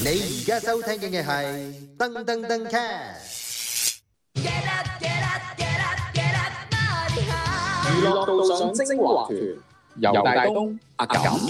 你而家收聽嘅係《噔噔噔 cast》，娛樂道長精華團，游大東阿錦。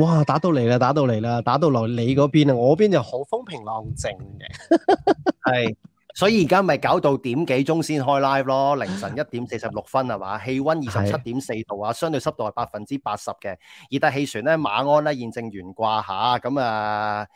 哇！打到嚟啦，打到嚟啦，打到嚟你嗰邊啊！我邊就好風平浪靜嘅，係， 所以而家咪搞到點幾鐘先開 live 咯，凌晨一點四十六分係嘛，氣温二十七點四度啊，相對濕度係百分之八十嘅，熱帶氣旋咧馬鞍咧現正懸掛吓，咁啊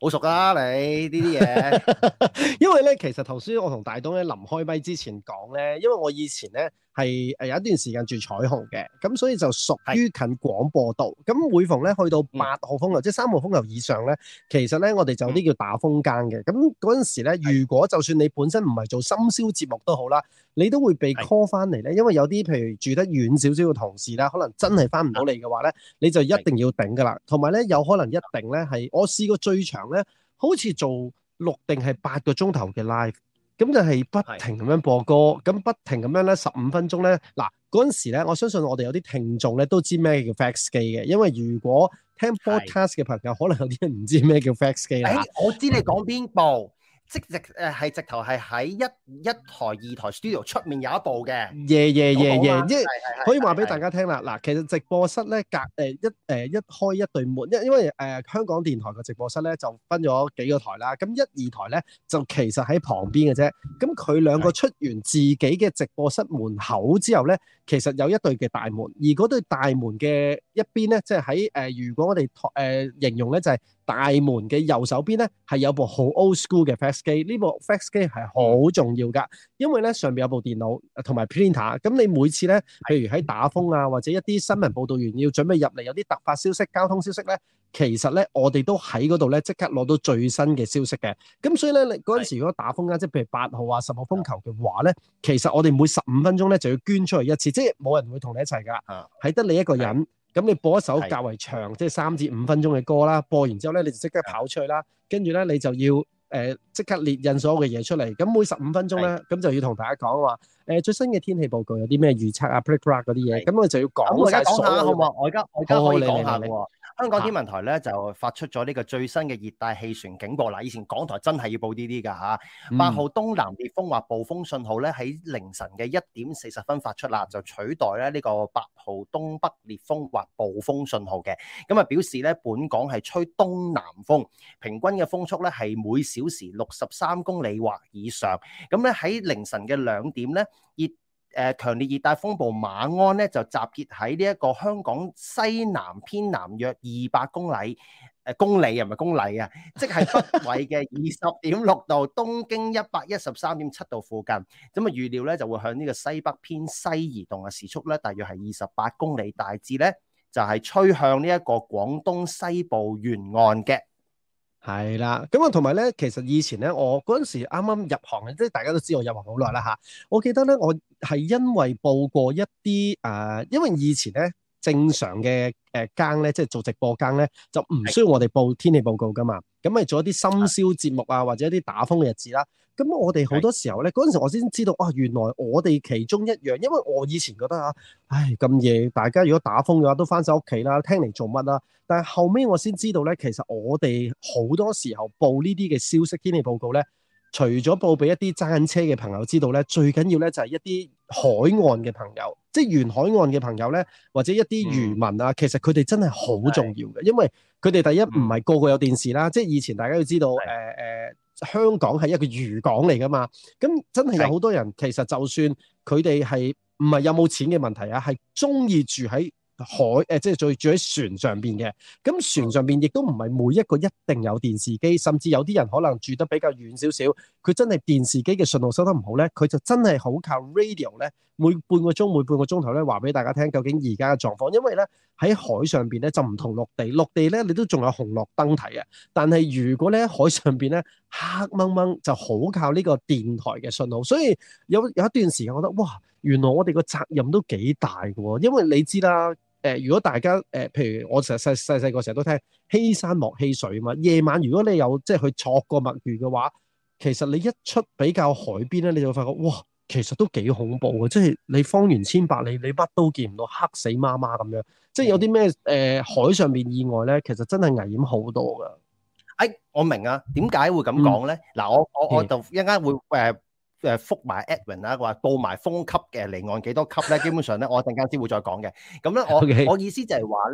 好熟啦、啊、你呢啲嘢， 因為咧其實頭先我同大東咧臨開咪之前講咧，因為我以前咧。係誒有一段時間住彩虹嘅，咁所以就屬於近廣播道。咁的每逢咧去到八號風球，的即係三號風球以上咧，其實咧我哋就有啲叫打風更嘅。咁嗰陣時咧，的如果就算你本身唔係做深宵節目都好啦，你都會被 call 翻嚟咧，因為有啲譬如住得遠少少嘅同事啦，可能真係翻唔到嚟嘅話咧，你就一定要頂㗎啦。同埋咧，有可能一定咧係我試過最長咧，好似做六定係八個鐘頭嘅 live。咁就係不停咁樣播歌，咁的不停咁樣咧，十五分鐘咧，嗱，嗰時咧，我相信我哋有啲聽眾咧都知咩叫 fax 機嘅，因為如果聽 podcast 嘅朋友，的可能有啲人唔知咩叫 fax 機的、欸、我知你講邊部？嗯即直誒係直頭係喺一一台二台 studio 出面有一部嘅，耶耶耶耶，即係可以話俾大家聽啦。嗱，其實直播室咧隔誒一誒一開一對門，因因為誒香港電台嘅直播室咧就分咗幾個台啦。咁一、二台咧就其實喺旁邊嘅啫。咁佢兩個出完自己嘅直播室門口之後咧，其實有一對嘅大門，而嗰對大門嘅。一邊咧，即係喺誒，如果我哋誒、呃、形容咧，就係、是、大門嘅右手邊咧，係有部好 old school 嘅 fax 機。呢部 fax 機係好重要㗎，因為咧上面有部電腦同埋 printer。咁、呃、pr 你每次咧，譬如喺打風啊，或者一啲新聞報導員要準備入嚟有啲突發消息、交通消息咧，其實咧我哋都喺嗰度咧即刻攞到最新嘅消息嘅。咁所以咧，你嗰陣時如果打風啊，即係是譬如八號啊、十號風球嘅話咧，其實我哋每十五分鐘咧就要捐出去一次，即係冇人會同你一齊㗎，係得、啊、你一個人。咁你播一首較為長，的即係三至五分鐘嘅歌啦。的播完之後咧，你就即刻跑出去啦。跟住咧，你就要誒呃、即刻列印所有嘅嘢出嚟。咁的每十五分鐘咧，咁就要同大家講話誒最新嘅天氣報告有啲咩預測啊，prepare 嗰啲嘢。咁的我就要講曬，我而家講下好唔嗎好？我而家我而家可以講下喎。你你你香港天文台咧就發出咗呢個最新嘅熱帶氣旋警報啦。以前港台真係要報呢啲㗎嚇。八號東南烈風或暴風信號咧喺凌晨嘅一點四十分發出啦，就取代咧呢個八號東北烈風或暴風信號嘅。咁啊表示咧本港係吹東南風，平均嘅風速咧係每小時六十三公里或以上。咁咧喺凌晨嘅兩點咧熱。誒，強烈熱帶風暴馬鞍咧就集結喺呢一個香港西南偏南約二百公里誒公里，唔係公里啊，即係北緯嘅二十點六度， 東經一百一十三點七度附近。咁啊，預料咧就會向呢個西北偏西移動嘅時速咧大約係二十八公里，大致咧就係、是、吹向呢一個廣東西部沿岸嘅。係啦，咁啊，同埋咧，其實以前咧，我嗰陣時啱啱入行嘅，即係大家都知道我入行好耐啦吓。我記得咧，我係因為報過一啲誒、呃，因為以前咧正常嘅誒更咧，即係做直播更咧，就唔需要我哋報天氣報告㗎嘛。咁啊，做一啲深宵節目啊，或者一啲打風嘅日子啦、啊。咁我哋好多時候咧，嗰陣時我先知道，哇、啊！原來我哋其中一樣，因為我以前覺得嚇，唉咁夜大家如果打風嘅話都翻曬屋企啦，聽嚟做乜啦？但係後尾我先知道咧，其實我哋好多時候報呢啲嘅消息天氣報告咧，除咗報俾一啲揸車嘅朋友知道咧，最緊要咧就係一啲海岸嘅朋友，即係沿海岸嘅朋友咧，或者一啲漁民啊，嗯、其實佢哋真係好重要嘅，的因為佢哋第一唔係、嗯、個個有電視啦，即係以前大家要知道，誒誒的。呃香港係一個漁港嚟㗎嘛，咁真係有好多人，是其實就算佢哋係唔係有冇錢嘅問題啊，係中意住喺海誒，即係住住喺船上邊嘅。咁船上邊亦都唔係每一個一定有電視機，甚至有啲人可能住得比較遠少少，佢真係電視機嘅信號收得唔好呢，佢就真係好靠 radio 呢，每半個鐘每半個鐘頭呢話俾大家聽究竟而家嘅狀況。因為呢喺海上邊呢，就唔同陸地，陸地呢，你都仲有紅綠燈睇啊，但係如果你喺海上邊呢。黑掹掹，就好靠呢個電台嘅信號，所以有有一段時間我覺得哇，原來我哋個責任都幾大嘅喎。因為你知啦，誒、呃，如果大家誒、呃，譬如我成日細細細個成日都聽《欺山莫欺水》啊嘛，夜晚如果你有即係去坐過墨魚船嘅話，其實你一出比較海邊咧，你就會發覺哇，其實都幾恐怖嘅，即係你方圓千百里，你乜都見唔到，黑死媽媽咁樣，嗯、即係有啲咩誒海上面意外咧，其實真係危險好多噶。誒、哎，我明啊，點解會咁講咧？嗱、嗯，我我我就一陣間會誒誒、呃、覆埋 Edwin 啦，話報埋風級嘅離岸幾多級咧？基本上咧， 我陣間先會再講嘅。咁咧，我 Okay. 我意思就係話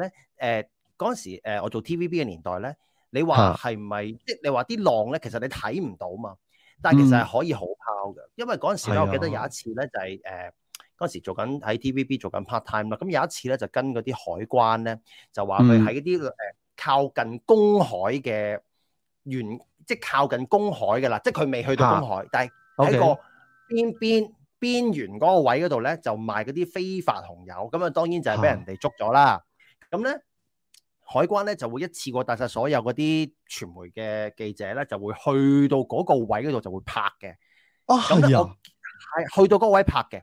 咧，誒嗰陣時誒我做 TVB 嘅年代咧，你話係咪？即係、啊、你話啲浪咧，其實你睇唔到嘛？但係其實係可以好拋嘅，因為嗰陣時咧，嗯、我記得有一次咧就係誒嗰陣時做緊喺 TVB 做緊 part time 啦。咁有一次咧就跟嗰啲海關咧就話佢喺一啲誒靠近公海嘅。沿即係靠近公海嘅啦，即係佢未去到公海，啊、但係喺個邊邊邊緣嗰個位嗰度咧，就賣嗰啲非法紅油，咁啊當然就係俾人哋捉咗啦。咁咧、啊，海關咧就會一次過帶晒所有嗰啲傳媒嘅記者咧，就會去到嗰個位嗰度就會拍嘅。哦，係啊，係嗎去到嗰位拍嘅。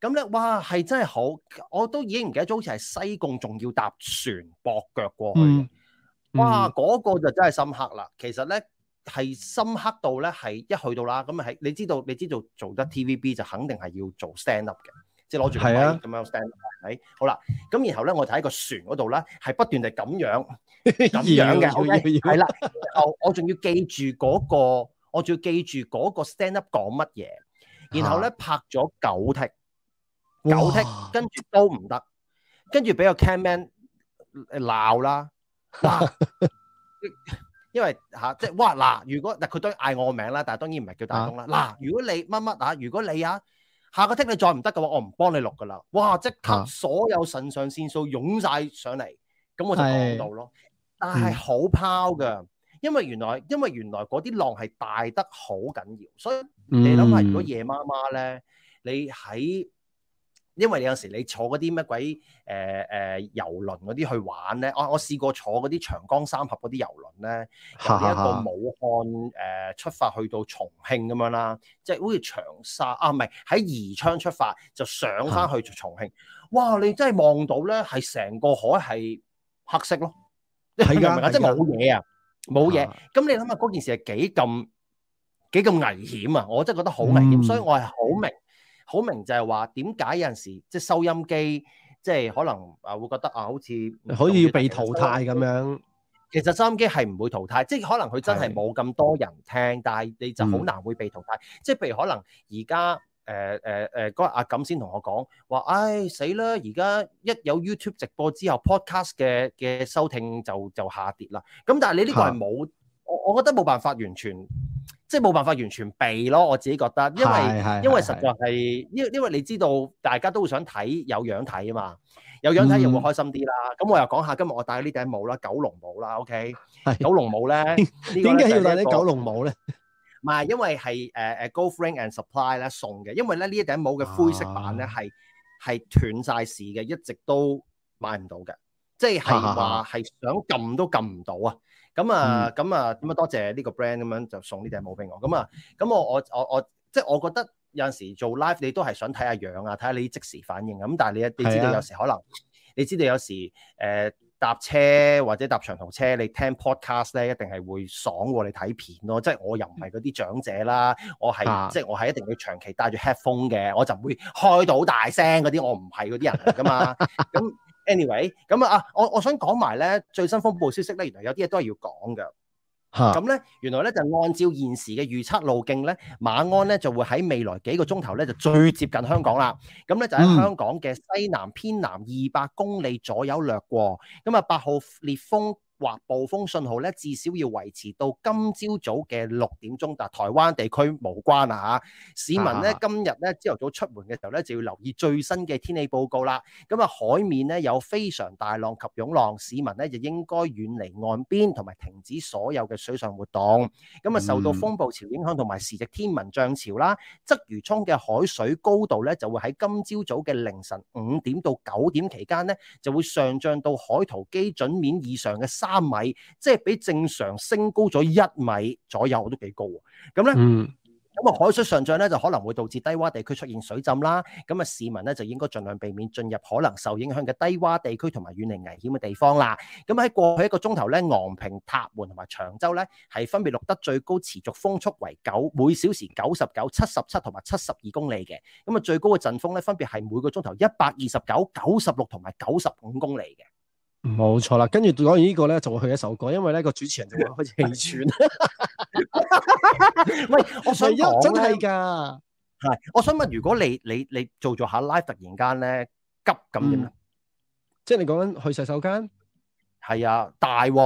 咁咧，哇，係真係好，我都已經唔記得咗，好似係西貢仲要搭船駁腳過去。嗯哇，嗰、那個就真係深刻啦！其實咧係深刻到咧係一去到啦，咁係你知道，你知道做得 TVB 就肯定係要做 stand up 嘅，即係攞住位咁、嗯、樣 stand up。係、嗯、吧好啦，咁然後咧我睇喺個船嗰度啦，係不斷係咁樣咁樣嘅，係啦、 okay？我我仲要記住嗰、那個，我仲要記住嗰個 stand up 講乜嘢，然後咧、啊、拍咗九踢九踢滴， 跟住都唔得，跟住俾個 cam man 鬧啦。嗱，因為吓即係哇嗱，如果嗱佢都嗌我名啦，但係當然唔係叫大東啦。嗱、啊，如果你乜乜吓，如果你啊下個 tick 你再唔得嘅話，我唔幫你錄噶啦。哇，即刻所有腎上腺素湧晒上嚟，咁我就講到咯。是但係好拋噶，因為原來因為原來嗰啲浪係大得好緊要，所以你諗下，如果夜媽媽咧，你喺。因為你有時你坐嗰啲乜鬼誒誒遊輪嗰啲去玩咧，我、啊、我試過坐嗰啲長江三峽嗰啲遊輪咧，由一個武漢誒、呃、出發去到重慶咁樣啦，即係好似長沙啊，唔係喺宜昌出發就上翻去重慶，哇！你真係望到咧，係成個海係黑色咯，係啊，即係冇嘢啊，冇嘢。咁你諗下嗰件事係幾咁幾咁危險啊？我真係覺得好危險、嗯，所以我係好明。 好明就係話點解有陣時即係收音機即係可能啊會覺得啊好似好似可以被淘汰咁樣。其實收音機係唔會淘汰，即係可能佢真係冇咁多人聽，但係你就好難會被淘汰。即係譬如可能而家誒誒誒嗰個阿錦先同我講話，唉死啦！而家一有 YouTube 直播之後，Podcast 嘅嘅收聽就就下跌啦。咁但係你呢個係冇，我我覺得冇辦法完全。即係冇辦法完全避咯，我自己覺得，因為是是是因為實在係，因因為你知道大家都會想睇有樣睇啊嘛，有樣睇又會開心啲啦。咁、嗯、我又講下今日我戴呢頂帽啦，九龍帽啦，OK，是九龍帽咧，點、這、解、個、要戴呢九龍帽咧？唔係因為係誒誒 Golfing and Supply 咧送嘅，因為咧呢一頂帽嘅灰色版咧係係斷晒市嘅，一直都買唔到嘅，即係係話係想撳都撳唔到啊！咁啊，咁啊、嗯，咁啊，多謝呢個 brand 咁樣就送呢頂帽俾我。咁啊，咁我我我我，即係我覺得有陣時做 live 你都係想睇下樣啊，睇下你即時反應啊。咁但係你你知道你有時可能，啊、你知道你有時誒、呃、搭車或者搭長途車，你聽 podcast 咧一定係會爽過你睇片咯。即係我又唔係嗰啲長者啦，嗯、我係即係我係一定要長期戴住 headphone 嘅，我就唔會開到大聲嗰啲，我唔係嗰啲人嚟㗎嘛。咁。 anyway，咁啊，啊，我我想講埋咧最新風暴消息咧，原來有啲嘢都係要講㗎。咁咧、啊，原來咧就按照現時嘅預測路徑咧，馬鞍咧就會喺未來幾個鐘頭咧就最接近香港啦。咁咧就喺香港嘅西南偏南二百公里左右掠過。咁啊、嗯，八號烈風或暴風信號咧，至少要維持到今朝早嘅六點鐘。嗱，台灣地區無關啦嚇。市民咧今日咧朝頭早出門嘅時候咧，就要留意最新嘅天氣報告啦。咁啊，海面咧有非常大浪及湧浪，市民咧就應該遠離岸邊同埋停止所有嘅水上活動。咁啊，受到風暴潮影響同埋時值天文漲潮啦，鰂魚涌嘅海水高度咧就會喺今朝早嘅凌晨五點到九點期間咧就會上漲到海圖基準面以上嘅三三米，即係比正常升高咗一米左右，都幾高喎。咁咧，咁啊、嗯，海水上漲咧就可能會導致低窪地區出現水浸啦。咁啊，市民咧就應該盡量避免進入可能受影響嘅低窪地區同埋遠離危險嘅地方啦。咁喺過去一個鐘頭咧，昂坪、塔門同埋長洲咧，係分別錄得最高持續風速為九每小時九十九、七十七同埋七十二公里嘅。咁啊，最高嘅陣風咧，分別係每個鐘頭一百二十九、九十六同埋九十五公里嘅。冇錯啦，跟住講完呢個咧，就會去一首歌，因為咧個主持人就會開始氣喘 喂。唔，我想真係噶，係，我想問，如果你你你，你做咗下 live，突然間咧急咁點啊？即係你講緊去洗手間？係啊，大喎。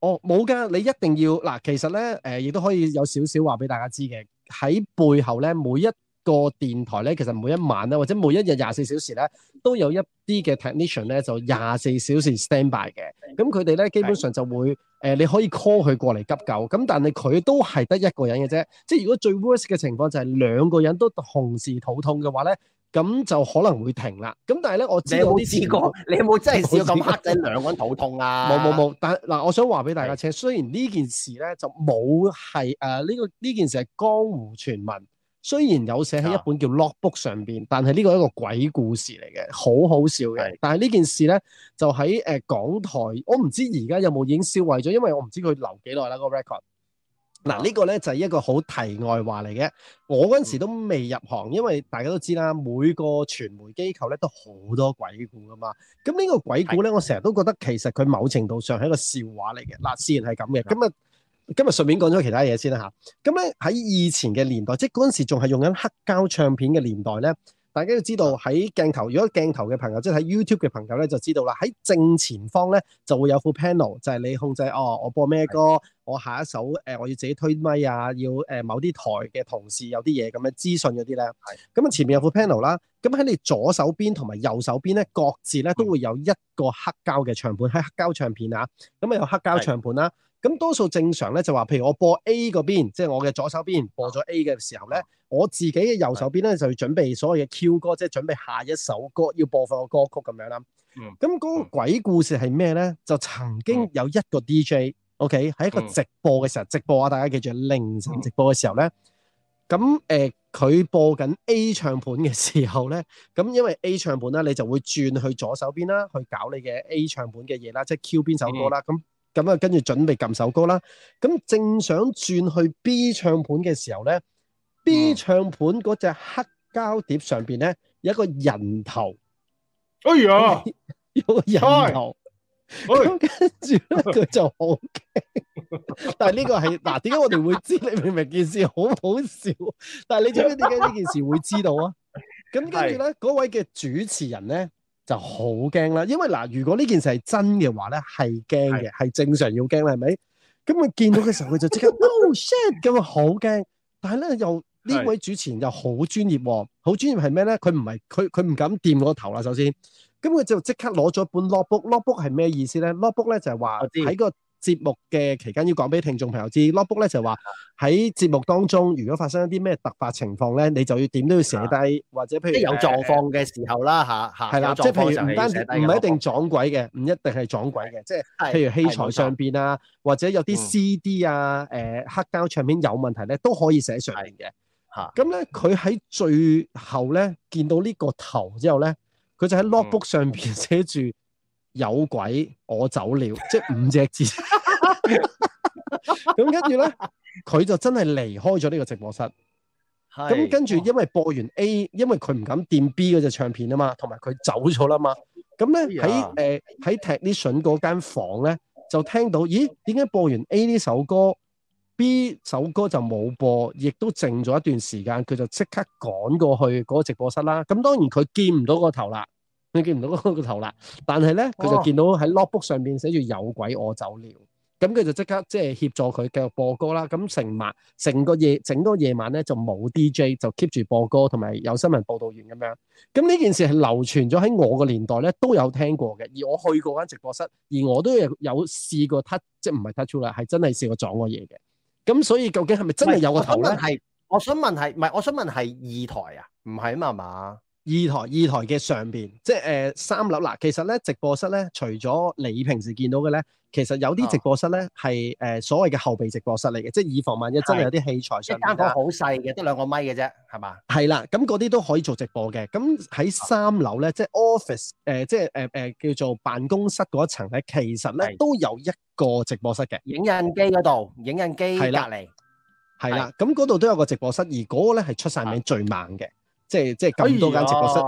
哦，冇噶，你一定要嗱，其實咧，誒、呃，亦都可以有少少話俾大家知嘅，喺背後咧每一。個電台咧，其實每一晚咧，或者每一日廿四小時咧，都有一啲嘅 technician 咧，就廿四小時 standby 嘅。咁佢哋咧，基本上就會誒，你可以 call 佢過嚟急救。咁但係佢都係得一個人嘅啫。即係如果最 worst 嘅情況就係兩個人都同時肚痛嘅話咧，咁就可能會停啦。咁但係咧，我知道你有冇試過？你有冇真係試過咁黑仔兩個人肚痛啊？冇冇冇。但嗱，我想話俾大家聽，其實的雖然呢件事咧就冇係誒呢個呢件事係江湖傳聞。雖然有寫喺一本叫 logbook 上邊，但係呢個係一個鬼故事嚟嘅，好好笑嘅。的但係呢件事咧，就喺誒、呃、港台，我唔知而家有冇已經銷毀咗，因為我唔知佢留幾耐啦個 record 的。嗱、啊，呢、呢個咧就係一個好題外話嚟嘅。我嗰陣時都未入行，嗯、因為大家都知啦，每個傳媒機構咧都好多鬼故噶嘛。咁呢個鬼故咧，的我成日都覺得其實佢某程度上係一個笑話嚟嘅。嗱、嗯，自、嗯、然係咁嘅。咁啊～今日順便講咗其他嘢先啦吓，咁咧喺以前嘅年代，即係嗰陣時仲係用緊黑膠唱片嘅年代咧，大家要知道喺鏡頭，如果鏡頭嘅朋友即係睇 YouTube 嘅朋友咧，就知道啦。喺正前方咧就會有副 panel，就係你控制哦，我播咩歌，的我下一首誒，我要自己推咪啊，要誒某啲台嘅同事有啲嘢咁樣資訊嗰啲咧。係的。咁啊，前面有副 panel 啦。咁喺你左手邊同埋右手邊咧，各自咧都會有一個黑膠嘅唱盤，喺的黑膠唱片啊。咁啊，有黑膠唱盤啦。的咁多數正常咧就話，譬如我播 A 嗰邊，即係我嘅左手邊播咗 A 嘅時候咧，啊、我自己嘅右手邊咧就要準備所謂嘅 Q 歌，即係準備下一首歌要播放嘅歌曲咁樣啦。嗯、咁嗰個鬼故事係咩咧？就曾經有一個 DJ，OK，嗯，okay？喺一個直播嘅時候，嗯、直播啊大家記住，凌晨直播嘅時候咧，咁誒佢播緊 A 唱盤嘅時候咧，咁因為 A 唱盤咧，你就會轉去左手邊啦，去搞你嘅 A 唱盤嘅嘢啦，即係 Q 邊首歌啦咁。嗯嗯咁啊，跟住準備撳首歌啦。咁正想轉去 B 唱盤嘅時候咧、嗯、，B 唱盤嗰隻黑膠碟上邊咧有一個人頭。哎呀， 有個人頭。咁跟住咧，佢、哎、就好驚。但係呢個係嗱，點、啊、解我哋會知？你明唔明件事？好好笑。但係你知唔知點解呢件事會知道啊？咁跟住咧，嗰位嘅主持人咧。就好驚啦，因為嗱，如果呢件事係真嘅話咧，係驚嘅，係的正常要驚啦，係咪？咁佢見到嘅時候，佢就即刻 o、no, shit，咁啊好驚。但係咧又呢的位主持人又好專業，好專業係咩咧？佢唔係，佢佢唔敢掂我個頭啦，首先。咁佢就即刻攞咗本 notebook，n otebook 係咩意思咧？notebook 咧就係話喺個。 節目嘅期間要講俾聽眾朋友知，notebook 咧就係話喺節目當中，如果發生一啲咩突發情況咧，你就要點都要寫低，或者譬如有狀況嘅時候啦，嚇，係啦的，即係譬如唔單止唔係一定撞鬼嘅，唔一定係撞鬼嘅，即係譬如器材上邊啊，或者有啲 CD 啊，誒、嗯、黑膠唱片有問題咧，都可以寫上邊嘅，嚇。咁咧佢喺最後咧見到呢個頭之後咧，佢就喺 notebook 上邊寫住。有鬼，我走了，即係五隻字。咁 跟住咧，佢就真係離開咗呢個直播室。咁 跟住，因為播完 A，因為佢唔敢掂 B 嗰隻唱片啊嘛，同埋佢走咗啦嘛。咁咧喺誒喺 technician 嗰間房咧，就聽到咦？點解播完 A 呢首歌，B 首歌就冇播，亦都靜咗一段時間？佢就即刻趕過去嗰個直播室啦。咁當然佢見唔到個頭啦。你見唔到嗰個頭啦，但係咧佢就見到喺 notebook 上面寫住有鬼我走了，咁佢就即刻即係協助佢繼續播歌啦。咁成晚成個夜整嗰個夜晚咧就冇 DJ 就 keep 住播歌，同埋有,有新聞報導員咁樣。咁呢件事係流傳咗喺我個年代咧都有聽過嘅，而我去過間直播室，而我都有有試過 touch, 即係唔係 touch two 啦，係真係試過撞過嘢嘅。咁所以究竟係咪真係有個頭咧？我想問係唔係？我想問係二台啊？唔係啊嘛嘛。二台二台嘅上邊，即係誒三樓啦。其實咧直播室咧，除咗你平時見到嘅咧，其實有啲直播室咧係誒所謂嘅後備直播室嚟嘅，即係以防萬一真係有啲器材上。一間房好細嘅，得兩個咪嘅啫，係嘛？係啦，咁嗰啲都可以做直播嘅。咁喺三樓咧，即係 office 誒，即係誒誒，叫做辦公室嗰一層咧，其實咧都有一個直播室嘅。影印機嗰度，影印機隔籬，係啦。咁嗰度都有個直播室，而嗰個咧係出晒名最猛嘅。即係即係咁多間直播室，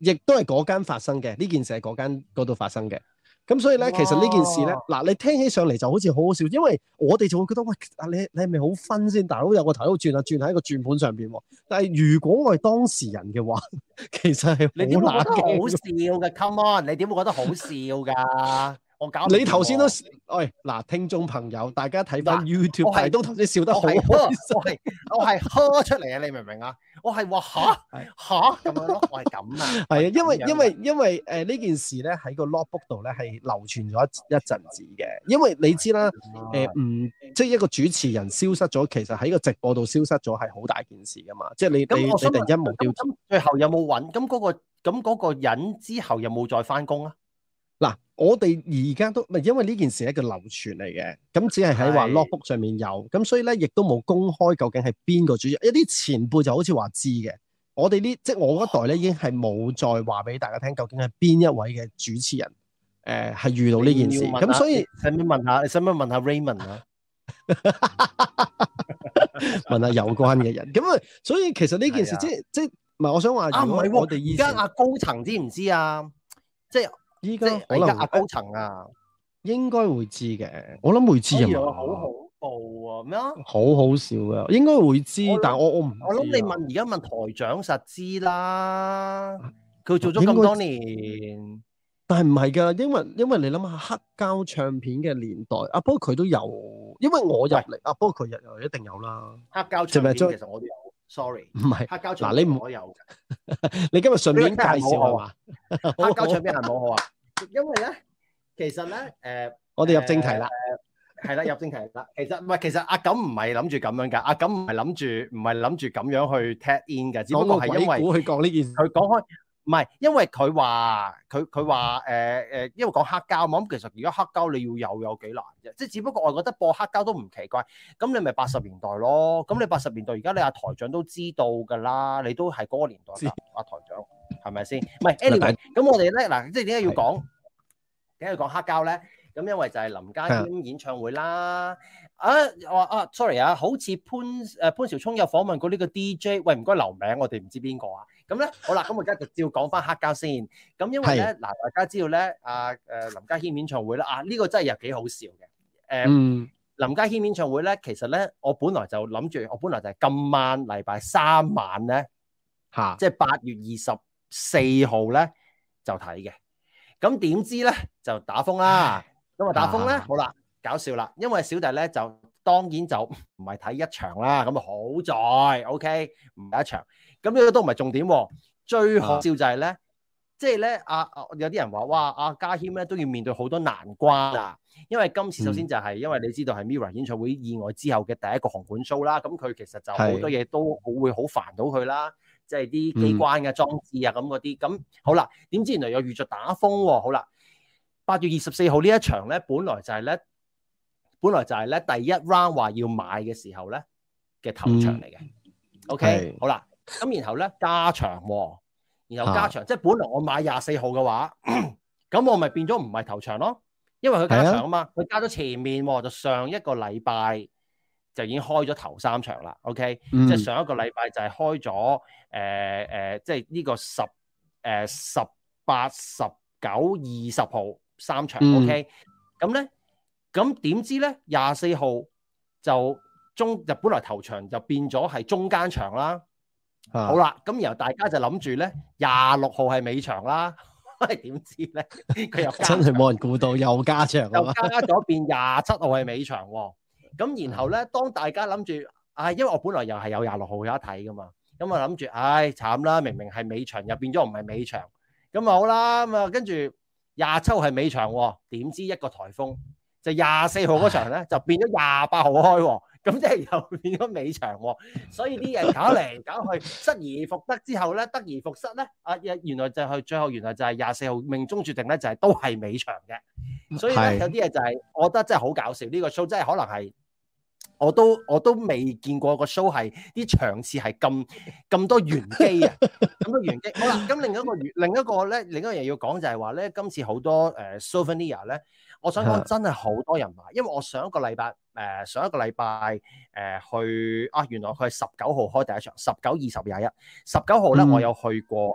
亦、哎、呀都係嗰間發生嘅，呢件事係嗰間嗰度發生嘅。咁所以咧，其實呢件事咧，嗱哇你聽起上嚟就好似好好笑，因為我哋就會覺得喂，阿你你係咪好分先？大佬有個頭都轉啊，轉喺個轉盤上邊喎。但係如果我係當事人嘅話，其實你點會覺得好笑嘅？Come on！你點會覺得好笑㗎？我搞你，你頭先都，哎，嗱，聽眾朋友，大家睇翻 YouTube 係都同你笑得好，我係呵出嚟啊！你明唔明啊？我係話吓吓咁樣咯，我係咁啊！係啊，因為因為因為誒呢件事咧喺個 notebook 度咧係流傳咗一陣子嘅，因為你知啦，誒唔即係一個主持人消失咗，其實喺個直播度消失咗係好大件事噶嘛，即係你你你突然一無掉，咁最後有冇揾？咁嗰個咁個人之後有冇再翻工啊？嗱，我哋而家都咪，因為呢件事係一個流傳嚟嘅，咁只係喺話 notebook 上面有，咁是所以咧亦都冇公開究竟係邊個主持。一啲前輩就好似話知嘅，我哋呢即係我嗰代咧已經係冇再話俾大家聽究竟係邊一位嘅主持人誒係、呃、遇到呢件事，咁所以使唔使問下？想唔想問下，下 Raymond 啊？ 問下有關嘅人，咁、嗯、啊，所以其實呢件事 呀即係即係唔係我想話，我哋而家阿高層知唔知啊？即係。啊依家，即係阿高層啊，應該會知嘅。我諗會知啊，好恐怖啊！咩啊？好好笑嘅，應該會知。但係我我唔，我諗你問而家問台長實知啦。佢做咗咁多年，但係唔係㗎？因為因為你諗下黑膠唱片嘅年代，阿波佢都有。因為我入嚟，阿波佢入嚟一定有啦。黑膠唱片其實我都有，sorry，唔係黑膠。嗱，你唔可以有嘅。你今日順便介紹我嘛？黑膠唱片係冇啊。因為咧，其實咧，誒，我哋入正題啦，係啦，入正題啦。其實唔係，其實阿錦唔係諗住咁樣噶，阿錦唔係諗住唔係諗住咁樣去踢 in 噶，只不過係因為講鬼股去講呢件事。佢講開唔係，因為佢話佢佢話誒誒，因為講黑膠嘛，我諗其實而家黑膠你要有有幾難啫，即係只不過我係覺得播黑膠都唔奇怪。咁你咪八十年代咯，咁你八十年代而家你阿台長都知道噶啦，你都係嗰個年代阿台長，係咪先？唔係，anyway，咁我哋咧嗱，即係點解要講？喺度講黑膠咧，咁因為就係林家謙演唱會啦。的啊，我啊，sorry 啊，好似潘誒、呃、潘紹聰有訪問過呢個 DJ。喂，唔該留名，我哋唔知邊個啊？咁咧，好啦，咁我而家就照講翻黑膠先。咁因為咧，嗱的，大家知道咧，阿誒林家謙演唱會啦。啊，呢個真係又幾好笑嘅。誒，林家謙演唱會咧、啊，這個呃嗯，其實咧，我本來就諗住，我本來就係今晚禮拜三晚咧，嚇哈，即係八月二十四號咧就睇嘅。咁點知咧就打風啦，咁啊打風咧好啦，搞笑啦，因為小弟咧就當然就唔係睇一場啦，咁啊好在，OK 唔係一場，咁呢個都唔係重點喎，最可笑就係、是、咧，啊、即係咧阿有啲人話哇，阿家謙咧都要面對好多難關啊，因為今次首先就係、是嗯、因為你知道係 Mirror 演唱會意外之後嘅第一個紅館 show 啦，咁佢其實就好多嘢都會好煩到佢啦。即係啲機關嘅裝置啊，咁嗰啲咁好啦。點知原來又遇咗打風喎、啊。好啦，八月二十四號呢一場咧，本來就係、是、咧，本來就係咧第一 round 話要買嘅時候咧嘅頭場嚟嘅。OK，好啦，咁然後咧加場喎、啊，然後加場，啊、即係本來我買廿四號嘅話，咁我咪變咗唔係頭場咯，因為佢加場啊嘛，佢、啊、加咗前面喎、啊，就上一個禮拜。就已經開咗頭三場啦，OK，即係、嗯、上一個禮拜就係開咗誒誒，即係呢個十誒十八、十、呃、九、二十號三場，OK、嗯。咁咧，咁點知咧廿四號就中，就本來頭場就變咗係中間場啦。啊、好啦，咁然後大家就諗住咧廿六號係尾場啦，喂， 點知咧佢又真係冇人估到又加場，加場 又加咗變廿七號係尾場喎。 咁然後咧，當大家諗住，唉，因為我本來又係有廿六號有一睇㗎嘛，咁啊諗住，唉，慘啦，明明係尾場又變咗唔係尾場，咁啊好啦，咁啊跟住廿七號係尾場喎，點知一個颱風就廿四號嗰場咧就變咗廿八號開喎，咁即係又變咗尾場喎，所以啲嘢搞嚟搞去，失而復得之後咧，得而復失咧，啊，原來就係最後原來就係廿四號命中註定咧就係都係尾場嘅，所以咧有啲嘢就係，我覺得真係好搞笑，呢個 show 真係可能係。我都我都未見過個 show 係啲場次係咁咁多玄機啊，咁多玄機。好啦，咁另一個另一個咧，另一個嘢要講就係話咧，今次好多誒 Souvenir 咧。呃我想講真係好多人買，因為我上一個禮拜誒上一個禮拜誒去啊，原來佢係十九號開第一場，十九、二十、嗯、廿一，十九號咧我有去過誒誒、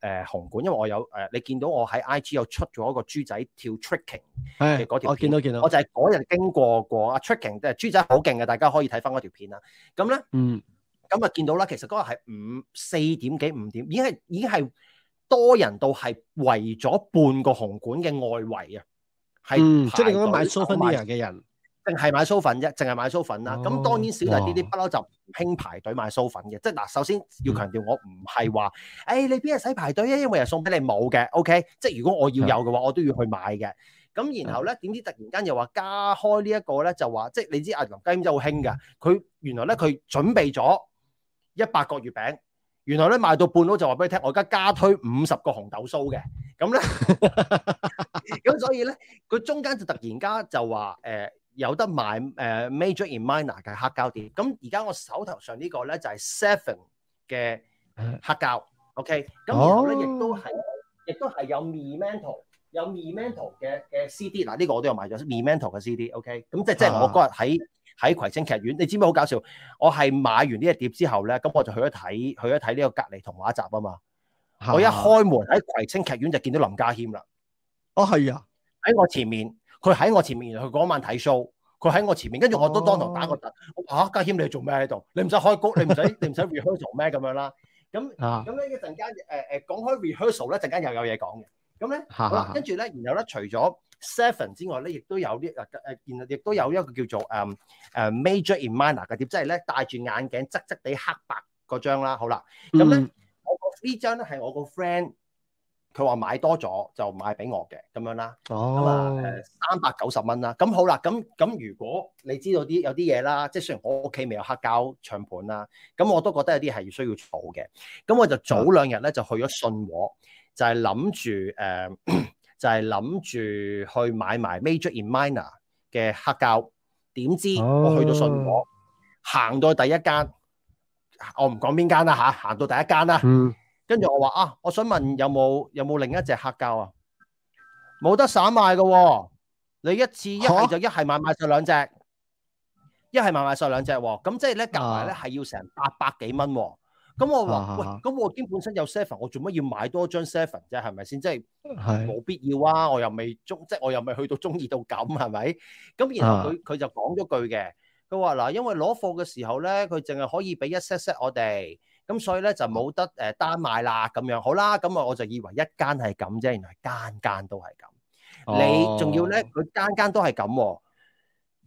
呃呃、紅館，因為我有誒、呃、你見到我喺 IG 有出咗一個豬仔跳 tricking 嘅嗰條，我見到見到，我就係嗰日經過過啊 tricking 即係豬仔好勁嘅，大家可以睇翻嗰條片啦。咁咧，嗯，咁啊見到啦，其實嗰日係五四點幾五點，五點，已經係已經係多人到係圍咗半個紅館嘅外圍啊！係即係我買蘇粉嘅人，定係買蘇粉啫，淨係買蘇粉啦。咁、哦、當然小弟呢啲不嬲就唔興排隊買蘇粉嘅。即係嗱，首先要強調我，我唔係話，誒、哎、你邊日使排隊啊？因為送俾你冇嘅，OK。即係如果我要有嘅話，嗯、我都要去買嘅。咁然後咧，點知突然間又話加開呢一個咧，就話即係你知銀臨雞咁就好興㗎。佢原來咧佢準備咗一百個月餅。原來咧賣到半佬就話俾你聽，我而家加推五十個紅豆酥嘅，咁咧，咁 所以咧佢中間就突然間就話誒、呃、有得賣誒、呃、Major and Minor 嘅黑膠碟，咁而家我手頭上個呢個咧就係 Seven 嘅黑膠，OK，咁然後咧亦、哦、都係亦都係有 Memento 有 Memento 嘅嘅 CD，嗱呢、呢個我都有買咗 Memento 嘅 CD，OK，咁即即係我嗰日喺。喺葵青劇院，你知唔知好搞笑？我係買完呢一碟之後咧，咁我就去咗睇，去咗睇呢個隔離童話集啊嘛。我一開門喺葵青劇院就見到林家謙啦。哦，係啊，喺我前面，佢喺我前面。佢嗰晚睇 show，佢喺我前面，跟住我都當堂打個突。嚇、哦，家謙你做咩喺度？你唔使開歌，你唔使你唔使 rehearsal 咩咁樣啦。咁咁樣一陣間誒誒講開 rehearsal 咧，陣間又有嘢講嘅。咁咧，好啦，跟住咧，然後咧，除咗 seven 之外咧，亦都有啲啊誒，然、呃、亦都有一個叫做誒誒、um, major in minor 嘅碟，即係咧戴住眼鏡，側側地黑白嗰張啦，好啦，咁、嗯、咧，嗯、我個呢張咧係我個 friend，佢話買多咗就買俾我嘅，咁樣啦，咁啊誒三百九十蚊啦，咁、嗯、好啦，咁咁如果你知道啲有啲嘢啦，即係雖然我屋企未有黑膠唱片啦，咁我都覺得有啲係要需要儲嘅，咁我就早兩日咧就去咗信和。就係諗住誒，就係諗住去買埋 Major and Minor 嘅黑膠，點知我去到信和，行到第一間，我唔講邊間啦吓，行到第一間啦，跟住我話啊，我想問有冇有冇另一隻黑膠啊？冇得散賣嘅，你一次一係就一係買買晒兩隻，一係買買晒兩隻喎，咁即係咧夾埋咧係要成八百幾蚊喎。咁我話喂，咁我兼本身有 seven，我做乜要買多張 seven 啫？係咪先？即係冇必要啊！我又未中，即係我又未去到中意到咁，係咪？咁然後佢佢就講咗句嘅，佢話嗱，因為攞貨嘅時候咧，佢淨係可以俾一 set set 我哋，咁所以咧就冇得誒單買啦，咁樣好啦。咁我我就以為一間係咁啫，原來間間都係咁。你仲要咧，佢間間都係咁。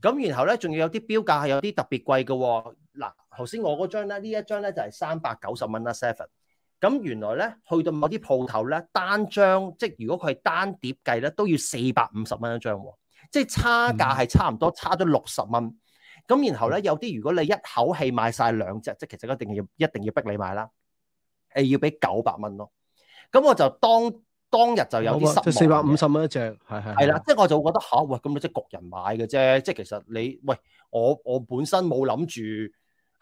咁然後咧，仲要有啲標價係有啲特別貴嘅。嗱，頭先我嗰張咧，呢一張咧就係三百九十蚊啦，Seven。咁原來咧去到某啲鋪頭咧，單張即係如果佢係單碟計咧，都要四百五十蚊一張喎，即係差價係差唔多，差咗六十蚊。咁然後咧有啲如果你一口氣買晒兩隻，即係其實一定要一定要逼你買啦，誒要俾九百蚊咯。咁我就當當日就有啲失望，即係四百五十蚊一隻，係係係啦，即係我就會覺得吓，喂咁你即係焗人買嘅啫，即係其實你喂我我本身冇諗住。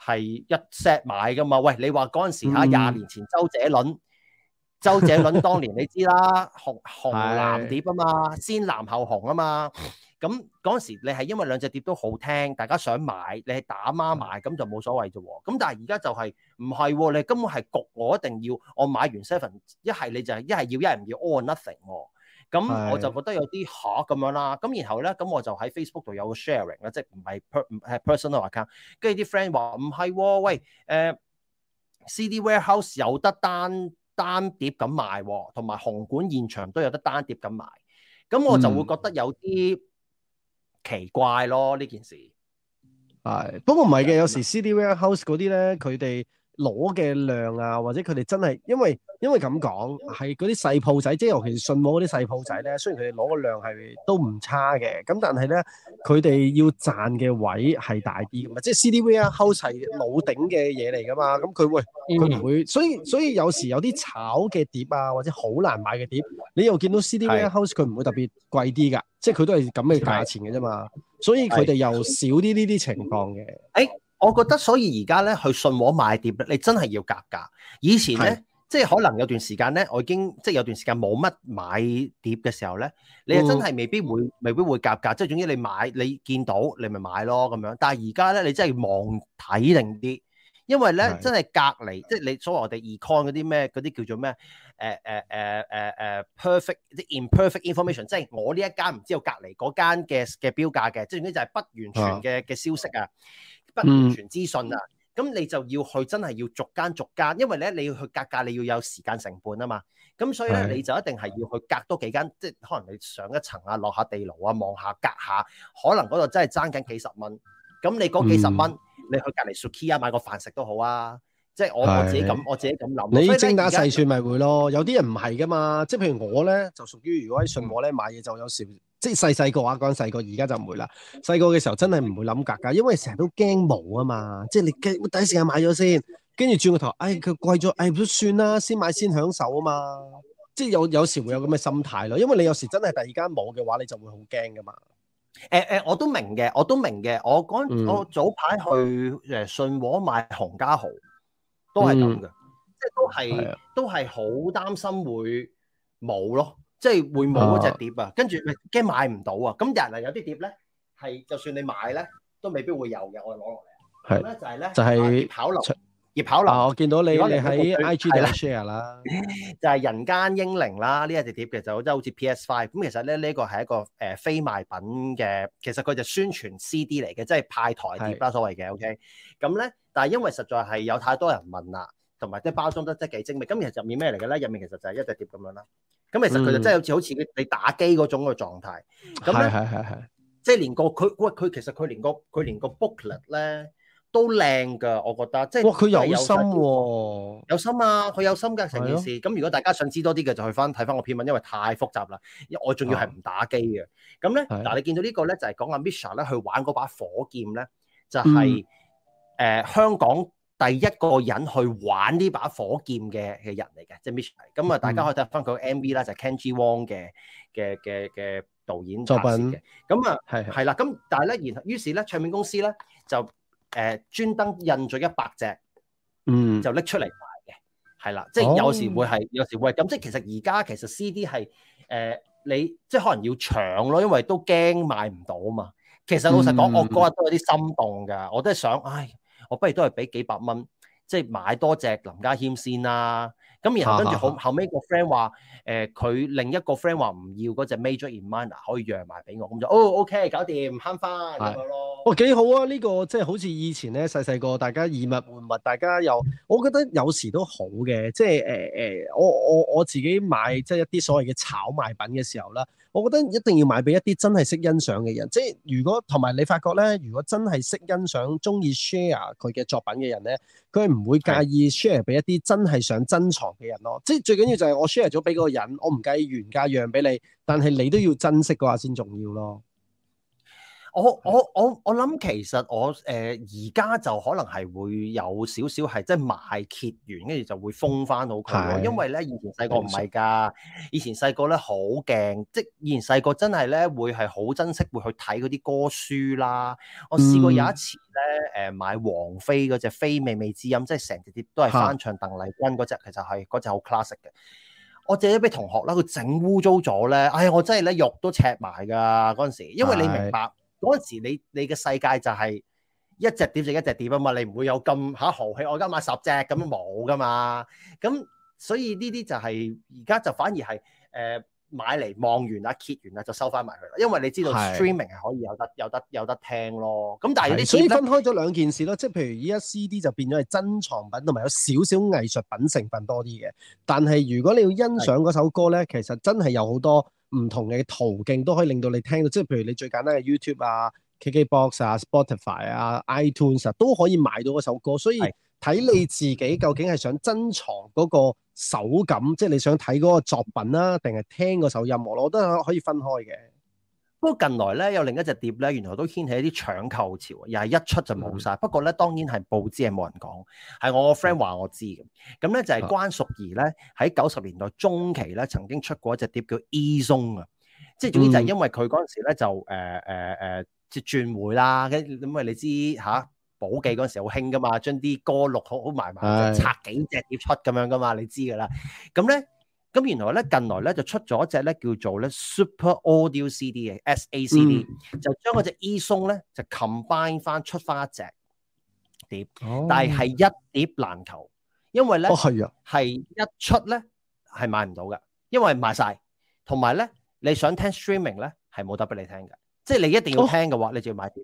係一 set 買㗎嘛？喂，你話嗰陣時吓廿、嗯、年前周姐倫，周姐倫當年你知啦，紅紅 藍碟啊嘛，先藍後紅啊嘛。咁嗰陣時你係因為兩隻碟都好聽，大家想買，你係打孖買，咁就冇所謂啫。咁但係而家就係唔係，你根本係焗我一定要我買完 seven 一係你就係一係要一係唔要，要，要 all nothing、啊。咁我就覺得有啲嚇咁樣啦、啊，咁然後咧，咁我就喺 Facebook 度有個 sharing 啦，即係唔係 per 唔係 personal account，跟住啲 friend 話唔係喎，喂，誒、呃、CD warehouse 有得單單碟咁賣、啊，同埋紅館現場都有得單碟咁賣，咁我就會覺得有啲奇怪咯呢、嗯、件事。係，不過唔係嘅，有時 CD warehouse 嗰啲咧，佢哋。攞嘅量啊，或者佢哋真係，因為因為咁講，係嗰啲細鋪仔，即係尤其是信和嗰啲細鋪仔咧。雖然佢哋攞嘅量係都唔差嘅，咁但係咧，佢哋要賺嘅位係大啲嘅嘛。即係 CD Warehouse 係冇頂嘅嘢嚟噶嘛。咁佢會佢唔會，所以所以有時有啲炒嘅碟啊，或者好難買嘅碟，你又見到 CD Warehouse 佢唔會特別貴啲㗎，的即係佢都係咁嘅價錢嘅啫嘛。的所以佢哋又少啲呢啲情況嘅。誒。我覺得所以而家咧去信和買碟咧，你真係要夾價。以前咧，是的 即係可能有段時間咧，我已經即係有段時間冇乜買碟嘅時候咧，你又真係未必會、嗯、未必會夾價。即係總之你買，你見到你咪買咯咁樣。但係而家咧，你真係望睇定啲，因為咧是的 真係隔籬，即係你所謂我哋 econ 嗰啲咩嗰啲叫做咩？誒誒誒誒 perfect imperfect in information，即係我呢一間唔知道隔籬嗰間嘅嘅標價嘅，即係總之就係不完全嘅嘅消息啊！啊不完全資訊啊，咁你就要去真係要逐間逐間，因為咧你要去格價，你要有時間成本啊嘛，咁所以咧你就一定係要去隔多幾間，即係可能你上一層啊，落下地牢啊，望下隔下，可能嗰度真係爭緊幾十蚊，咁你嗰幾十蚊，你去隔離 Suki 啊，買個飯食都好啊，即係我我自己咁我自己咁諗，你精打細算咪會咯，有啲人唔係噶嘛，即係譬如我咧就屬於如果喺信和咧買嘢就有時。即係細細個話講細個，而家就唔會啦。細個嘅時候真係唔會諗格價，因為成日都驚冇啊嘛。即係你驚，我第一時間買咗先，跟住轉個頭，哎，佢貴咗，哎，都算啦，先買先享受啊嘛。即係有有時會有咁嘅心態咯，因為你有時真係第二間冇嘅話，你就會好驚噶嘛。誒誒、欸欸，我都明嘅，我都明嘅。我嗰、那、陣、個嗯、我早排去誒信和買洪家豪，都係咁嘅，嗯、即係都係的都係好擔心會冇咯。即係會冇嗰隻碟啊，跟住你驚買唔到啊！咁人啊，有啲碟咧係就算你買咧都未必會有嘅，我攞落嚟。咁咧就係咧，就係跑流而跑流。我見到你、那個、你喺在 IG 度 share 啦，就係、是《人間英靈》啦，呢一隻碟就好似，其實真係好似 PS5。咁其實咧呢個係一個誒非賣品嘅，其實佢就宣傳 CD 嚟嘅，即係派台碟啦是所謂嘅。OK，咁咧，但係因為實在係有太多人問啦。同埋即係包裝得真係幾精美，咁其實入面咩嚟嘅咧？入面其實就係一隻碟咁樣啦。咁其實佢就真係好似好似你打機嗰種嘅狀態。咁咧，即係連個佢喂佢其實佢連個佢連個 booklet 咧都靚㗎，我覺得。即係哇，佢有心喎，有心啊，佢有心㗎、啊、成件事。咁、啊、如果大家想知多啲嘅，就去翻睇翻個片文，因為太複雜啦。因我仲要係唔打機嘅。咁咧，嗱你見到個呢個咧，就係、是、講阿 Misha 咧去玩嗰把火箭咧，就係誒香港。嗯嗯第一個人去玩呢把火箭嘅嘅人嚟嘅，即係 Mitchell。咁啊，大家可以睇翻佢嘅 MV 啦，就係 Kenji Wong 嘅嘅嘅嘅導演作品嘅。咁啊，係係啦。咁但係咧，然後於是咧，唱片公司咧就誒專登印咗一百隻，嗯，就拎出嚟賣嘅。係啦，即係有時會係，有時會係咁。即係其實而家其實 CD 係誒你即係可能要搶咯，因為都驚買唔到嘛。其實老實講，我嗰日都有啲心動㗎，我都係想，唉。我不如都係俾幾百蚊，即係買多隻林家謙先啦。咁然後跟住好後尾 個 friend 話，誒、呃、佢另一個 friend 話唔要嗰隻 Major In Minor 可以讓埋俾我，咁就哦 OK 搞掂慳翻咁樣咯。哇幾、哦、好啊！呢、這個即係好似以前咧細細個大家以物換物，大家又我覺得有時都好嘅，即係誒誒我我我自己買即係一啲所謂嘅炒賣品嘅時候啦。我覺得一定要買俾一啲真係識欣賞嘅人，即如果同埋你發覺呢，如果真係識欣賞、中意 share 佢嘅作品嘅人呢，佢唔會介意 share 俾一啲真係想珍藏嘅人咯。即最緊要就係我 share 咗俾嗰個人，我唔介意原價讓俾你，但係你都要珍惜嘅話先重要咯。我我我我諗其實我誒而家就可能係會有少少係即係賣，揭完，跟住就會封翻好佢。的因為咧以前細個唔係㗎，以前細個咧好勁，即以前細個真係咧會係好珍惜，會去睇嗰啲歌書啦。我試過有一次咧誒買王菲嗰隻《菲靡靡之音》，嗯、即係成隻碟都係翻唱鄧麗君嗰隻，的其實係嗰隻好 classic 嘅。我借咗俾同學啦，佢整污糟咗咧，哎我真係咧肉都赤埋㗎嗰陣時，因為你明白。嗰陣時你，你你嘅世界就係一隻碟就一隻碟啊嘛，你唔會有咁嚇、啊、豪氣，我而家買十隻咁冇㗎嘛。咁所以呢啲就係而家就反而係誒、呃、買嚟望完啦，揭完啦就收翻埋佢啦。因為你知道 streaming 係可以有得有得有得，有得聽咯。咁但係你所以分開咗兩件事咯，即係譬如依家 CD 就變咗係珍藏品同埋有少少藝術品成分多啲嘅。但係如果你要欣賞嗰首歌咧，的其實真係有好多。唔同嘅途徑都可以令到你聽到，即係譬如你最簡單嘅 YouTube 啊、KKBox 啊、Spotify 啊、iTunes 啊，都可以買到嗰首歌。所以睇你自己究竟係想珍藏嗰個手感，是即係你想睇嗰個作品啦、啊，定係聽嗰首音樂咯，我覺得可以分開嘅。不過近來咧有另一隻碟咧，原來都掀起一啲搶購潮，又係一出就冇晒。嗯、不過咧，當然係報紙係冇人講，係我個 friend 話我知嘅。咁咧、嗯、就係、是、關淑怡咧喺九十年代中期咧曾經出過一隻碟叫 e《E Song、呃呃呃》啊，即係總之就係因為佢嗰陣時咧就誒誒誒即係轉會啦，跟咁啊你知嚇寶記嗰陣時好興噶嘛，將啲歌錄好好埋埋，拆幾隻碟出咁樣噶嘛，你知噶啦。咁、嗯、咧。嗯嗯嗯嗯嗯嗯嗯咁原來咧近來咧就出咗一隻咧叫做咧 Super Audio CD 嘅 SACD，就將嗰隻 E 松咧就 combine 翻出返一隻碟，但係係一碟難求，因為咧係一出咧係買唔到嘅，因為賣晒，同埋咧你想聽 streaming 咧係冇得俾你聽嘅，即係你一定要聽嘅話，你就要買碟，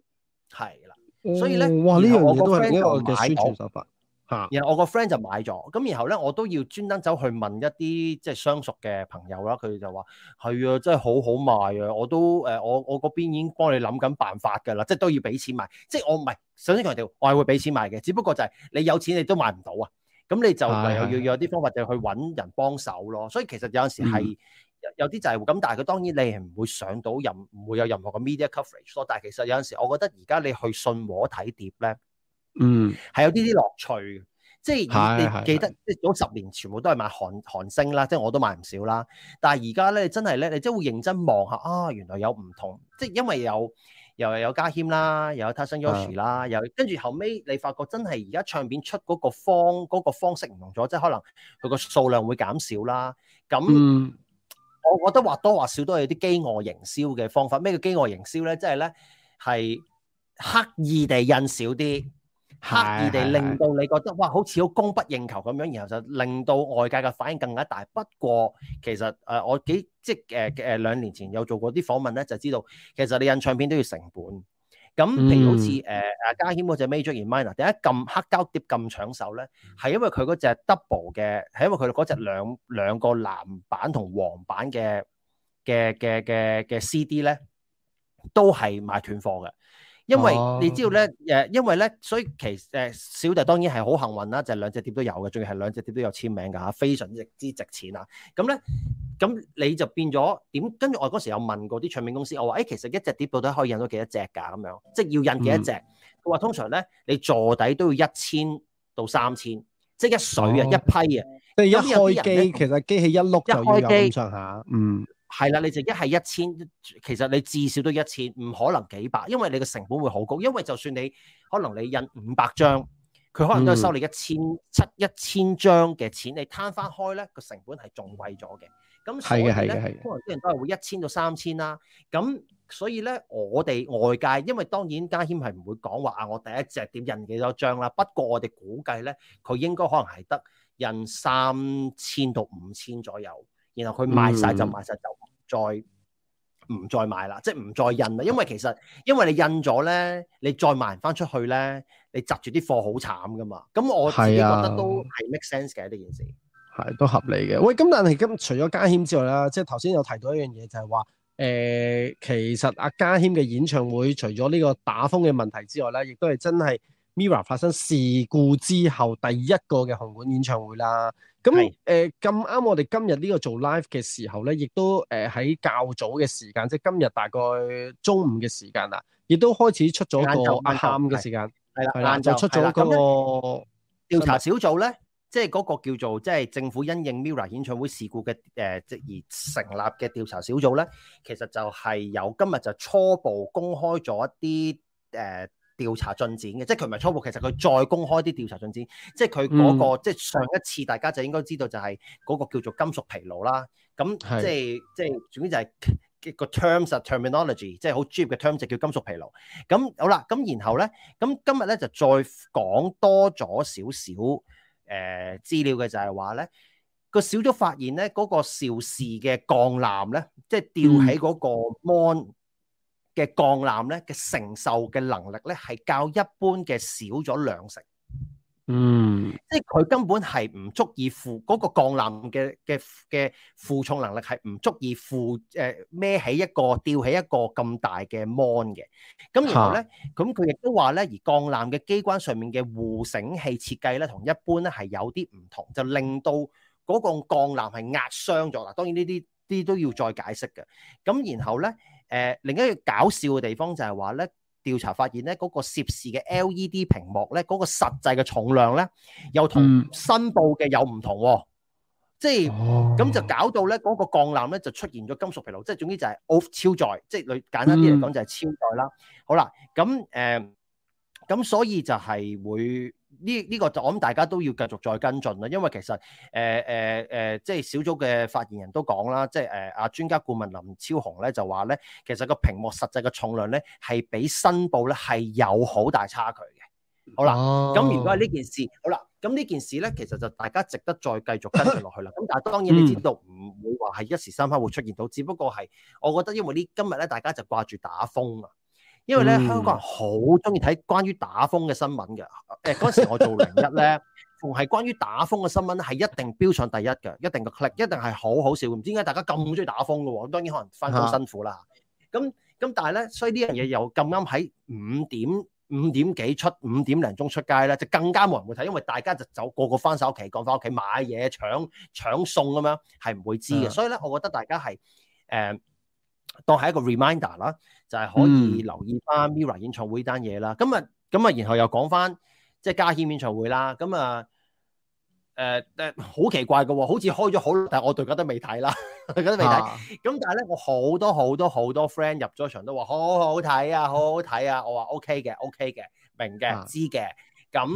係啦，所以咧哇呢樣嘢都係一個嘅宣傳手法。嚇！然後我個 friend 就買咗，咁然後咧，我都要專登走去問一啲即係相熟嘅朋友啦。佢就話：係啊，真係好好賣啊！我都誒、呃，我我嗰邊已經幫你諗緊辦法㗎啦。即係都要俾錢買，即係我唔係首先強調，我係會俾錢買嘅，只不過就係你有錢你都買唔到啊！咁你就唯有要有啲方法就去揾人幫手咯。啊、所以其實有陣時係、嗯、有啲就係咁，但係佢當然你係唔會上到任，唔會有任何嘅 media coverage 咯。但係其實有陣時，我覺得而家你去信和睇碟咧。嗯，係有啲啲樂趣，即係你記得是是是即，早十年全部都係買韓韓星啦，即係我都買唔少啦。但係而家咧，真係咧，你即係會認真望下，啊，原來有唔同，即係因為有又有家謙啦，又有 Tyson Yoshi 啦，又跟住後尾你發覺真係而家唱片出嗰個方嗰、嗰個方式唔同咗，即係可能佢個數量會減少啦。咁我、嗯、我覺得或多或少都係啲飢餓營銷嘅方法。咩叫飢餓營銷咧？即係咧係刻意地印少啲。刻意地令到你覺得哇，好似好供不應求咁樣，然後就令到外界嘅反應更加大。不過其實誒，我幾即係誒誒兩年前有做過啲訪問咧，就知道其實你印唱片都要成本。咁譬如好似誒阿家謙嗰隻 Major in Minor，點解咁黑膠碟咁搶手咧？係因為佢嗰隻 Double 嘅，係因為佢嗰隻兩兩個藍版同黃版嘅嘅嘅嘅嘅 CD 咧，都係買斷貨嘅。因為你知道咧，誒，因為咧，所以其實，誒，小弟當然係好幸運啦，就係、兩隻碟都有嘅，仲要係兩隻碟都有簽名噶吓，非常之值，值錢啊！咁咧，咁你就變咗點？跟住我嗰時又問過啲唱片公司，我話：，誒，其實一隻碟到底可以印咗幾多隻噶？咁樣，即係要印幾多隻？佢話、嗯、通常咧，你坐底都要一千到三千，即係一水啊，哦、一批啊。即係、嗯、一開機，其實機器一碌就咁上下，機嗯。係啦，你就一係一千，其實你至少都一千，唔可能幾百，因為你個成本會好高。因為就算你可能你印五百張，佢可能都係收你一千、嗯、七一千張嘅錢，你攤翻開咧個成本係仲貴咗嘅。咁所以咧，通常啲人都係會一千到三千啦。咁所以咧，我哋外界因為當然家謙係唔會講話啊，我第一隻碟印幾多張啦。不過我哋估計咧，佢應該可能係得印三千到五千左右，然後佢賣晒就賣晒。就。再唔再買啦？即係唔再印啦，因為其實因為你印咗咧，你再賣唔翻出去咧，你窒住啲貨好慘噶嘛。咁我自己覺得都係 make sense 嘅呢、啊、件事，係都合理嘅。喂，咁但係咁除咗家謙之外啦，即係頭先有提到一樣嘢，就係話誒，其實阿家謙嘅演唱會，除咗呢個打風嘅問題之外咧，亦都係真係 Mirror 發生事故之後第一個嘅紅館演唱會啦。咁誒咁啱，呃、我哋今日呢個做 live 嘅時候咧，亦都誒喺、呃、較早嘅時間，即係今日大概中午嘅時間啦，亦都開始出咗個晏晝嘅時間，係啦，晏晝出咗、嗰個調查小組咧，即係嗰個叫做即係政府因應 MIRROR 演唱會事故嘅誒，而、呃、成立嘅調查小組咧，其實就係由今日就初步公開咗一啲誒。呃調查進展嘅，即係佢唔係初步，其實佢再公開啲調查進展，即係佢嗰個，嗯、即係上一次大家就應該知道，就係嗰個叫做金屬疲勞啦。咁、嗯、即係是即係總之就係個 terms、terminology，即係好專業嘅 term，就叫金屬疲勞。咁好啦，咁然後咧，咁今日咧就再講多咗少少誒、呃、資料嘅，就係話咧個小組發現咧嗰、那個肇事嘅鋼纜咧，即係吊喺嗰個 mon、嗯。嘅鋼纜咧嘅承受嘅能力咧係較一般嘅少咗兩成，嗯，即係佢根本係唔足以負嗰、那個鋼纜嘅嘅嘅負重能力係唔足以負誒孭起一個吊起一個咁大嘅 mon 嘅，咁然後咧，咁佢亦都話咧，而鋼纜嘅機關上面嘅護繩器設計咧同一般咧係有啲唔同，就令到嗰個鋼纜係壓傷咗。嗱，當然呢啲啲都要再解釋嘅，咁然後咧。誒、呃、另一個搞笑嘅地方就係話咧，調查發現咧嗰、那個涉事嘅 LED 屏幕咧，嗰、那個實際嘅重量咧，又新同申報嘅有唔同，嗯、即係咁就搞到咧嗰、那個鋼纜咧就出現咗金屬疲勞，即係總之就係 over 超載，即係類簡單啲嚟講就係超載啦。嗯、好啦，咁誒，咁、呃、所以就係會。呢呢個就我諗大家都要繼續再跟進啦，因為其實誒誒誒，即係小組嘅發言人都講啦，即係誒阿專家顧問林超雄咧就話咧，其實個屏幕實際嘅重量咧係比申報咧係有好大差距嘅。好啦，咁如果係呢件事，好啦，咁呢件事咧其實就大家值得再繼續跟進落去啦。咁 但係當然你知道唔會話係一時三刻會出現到，只不過係我覺得因為呢今日咧大家就掛住打風啊。因為咧，香港人好中意睇關於打風嘅新聞嘅。誒嗰陣時我做零一咧，逢係 關於打風嘅新聞咧，係一定標上第一嘅，一定嘅 click，一定係好好笑。唔知點解大家咁中意打風嘅喎、啊？當然可能翻工辛苦啦。咁咁、啊嗯、但係咧，所以呢樣嘢又咁啱喺五點五點幾出五點零鐘出街咧，就更加冇人會睇，因為大家就走，個個翻手屋企，趕翻屋企買嘢搶搶餸咁樣，係唔會知嘅。嗯、所以咧，我覺得大家係誒。呃當係一個 reminder 啦，就係、是、可以留意翻 Mira 演唱會單嘢啦。咁啊、嗯，咁啊，然後又講翻即係家謙演唱會啦。咁啊，誒、呃、誒、呃哦，好奇怪嘅喎，好似開咗好，但我大家都未睇啦，大家未睇。咁但係咧，我好多好多好多 friend 入咗場都話好好睇啊，好好睇啊。我話 OK 嘅，OK 嘅，明嘅，知嘅。咁。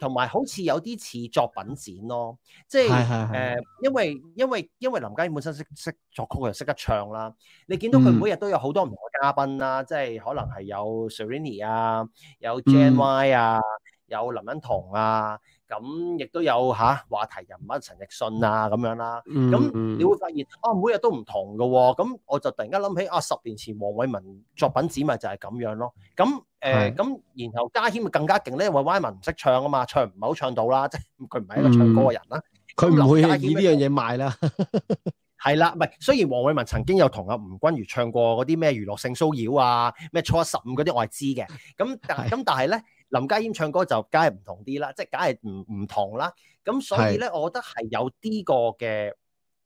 同埋好似有啲似作品展咯，即係誒、 呃，因為因為因為林家謙本身識識作曲又識得唱啦，你見到佢每日都有好多唔同嘅嘉賓啦， 即係可能係有 Serrini 啊，有 Jan Y 啊， 有林欣彤啊。咁亦都有嚇話題人物陳奕迅啊咁樣啦，咁你會發現啊，每日都唔同嘅喎，咁我就突然間諗起啊，十年前黃偉文作品展咪就係咁樣咯，咁誒咁，呃、的然後家謙咪更加勁咧，因為 Y 文唔識唱啊嘛，唱唔係好唱到啦，即係佢唔係一個唱歌嘅人啦，佢唔會以呢樣嘢賣啦，係啦， 唔係雖然黃偉文曾經有同阿吳君如唱過嗰啲咩娛樂性騷擾啊，咩初一十五嗰啲我係知嘅，咁但係咁但係咧。林家謙唱歌就梗係唔同啲啦，即係梗係唔唔同啦，咁所以咧，我覺得係有呢個嘅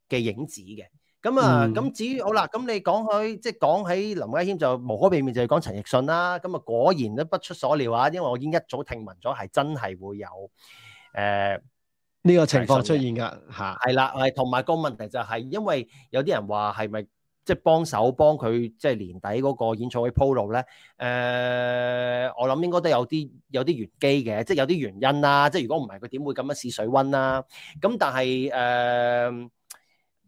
嘅影子嘅，咁啊，咁至於好啦，咁你講佢即係講起林家謙就無可避免就要講陳奕迅啦，咁啊果然都不出所料啊，因為我已經一早聽聞咗係真係會有誒呢個情況出現噶嚇，係啦，係同埋個問題就係因為有啲人話係咪？即係幫手幫佢，即係年底嗰個演唱會鋪路咧。誒，我諗應該都有啲有啲玄機嘅，即係有啲原因啦，啊。即係如果唔係，佢點會咁樣試水溫啦，啊？咁但係誒、呃，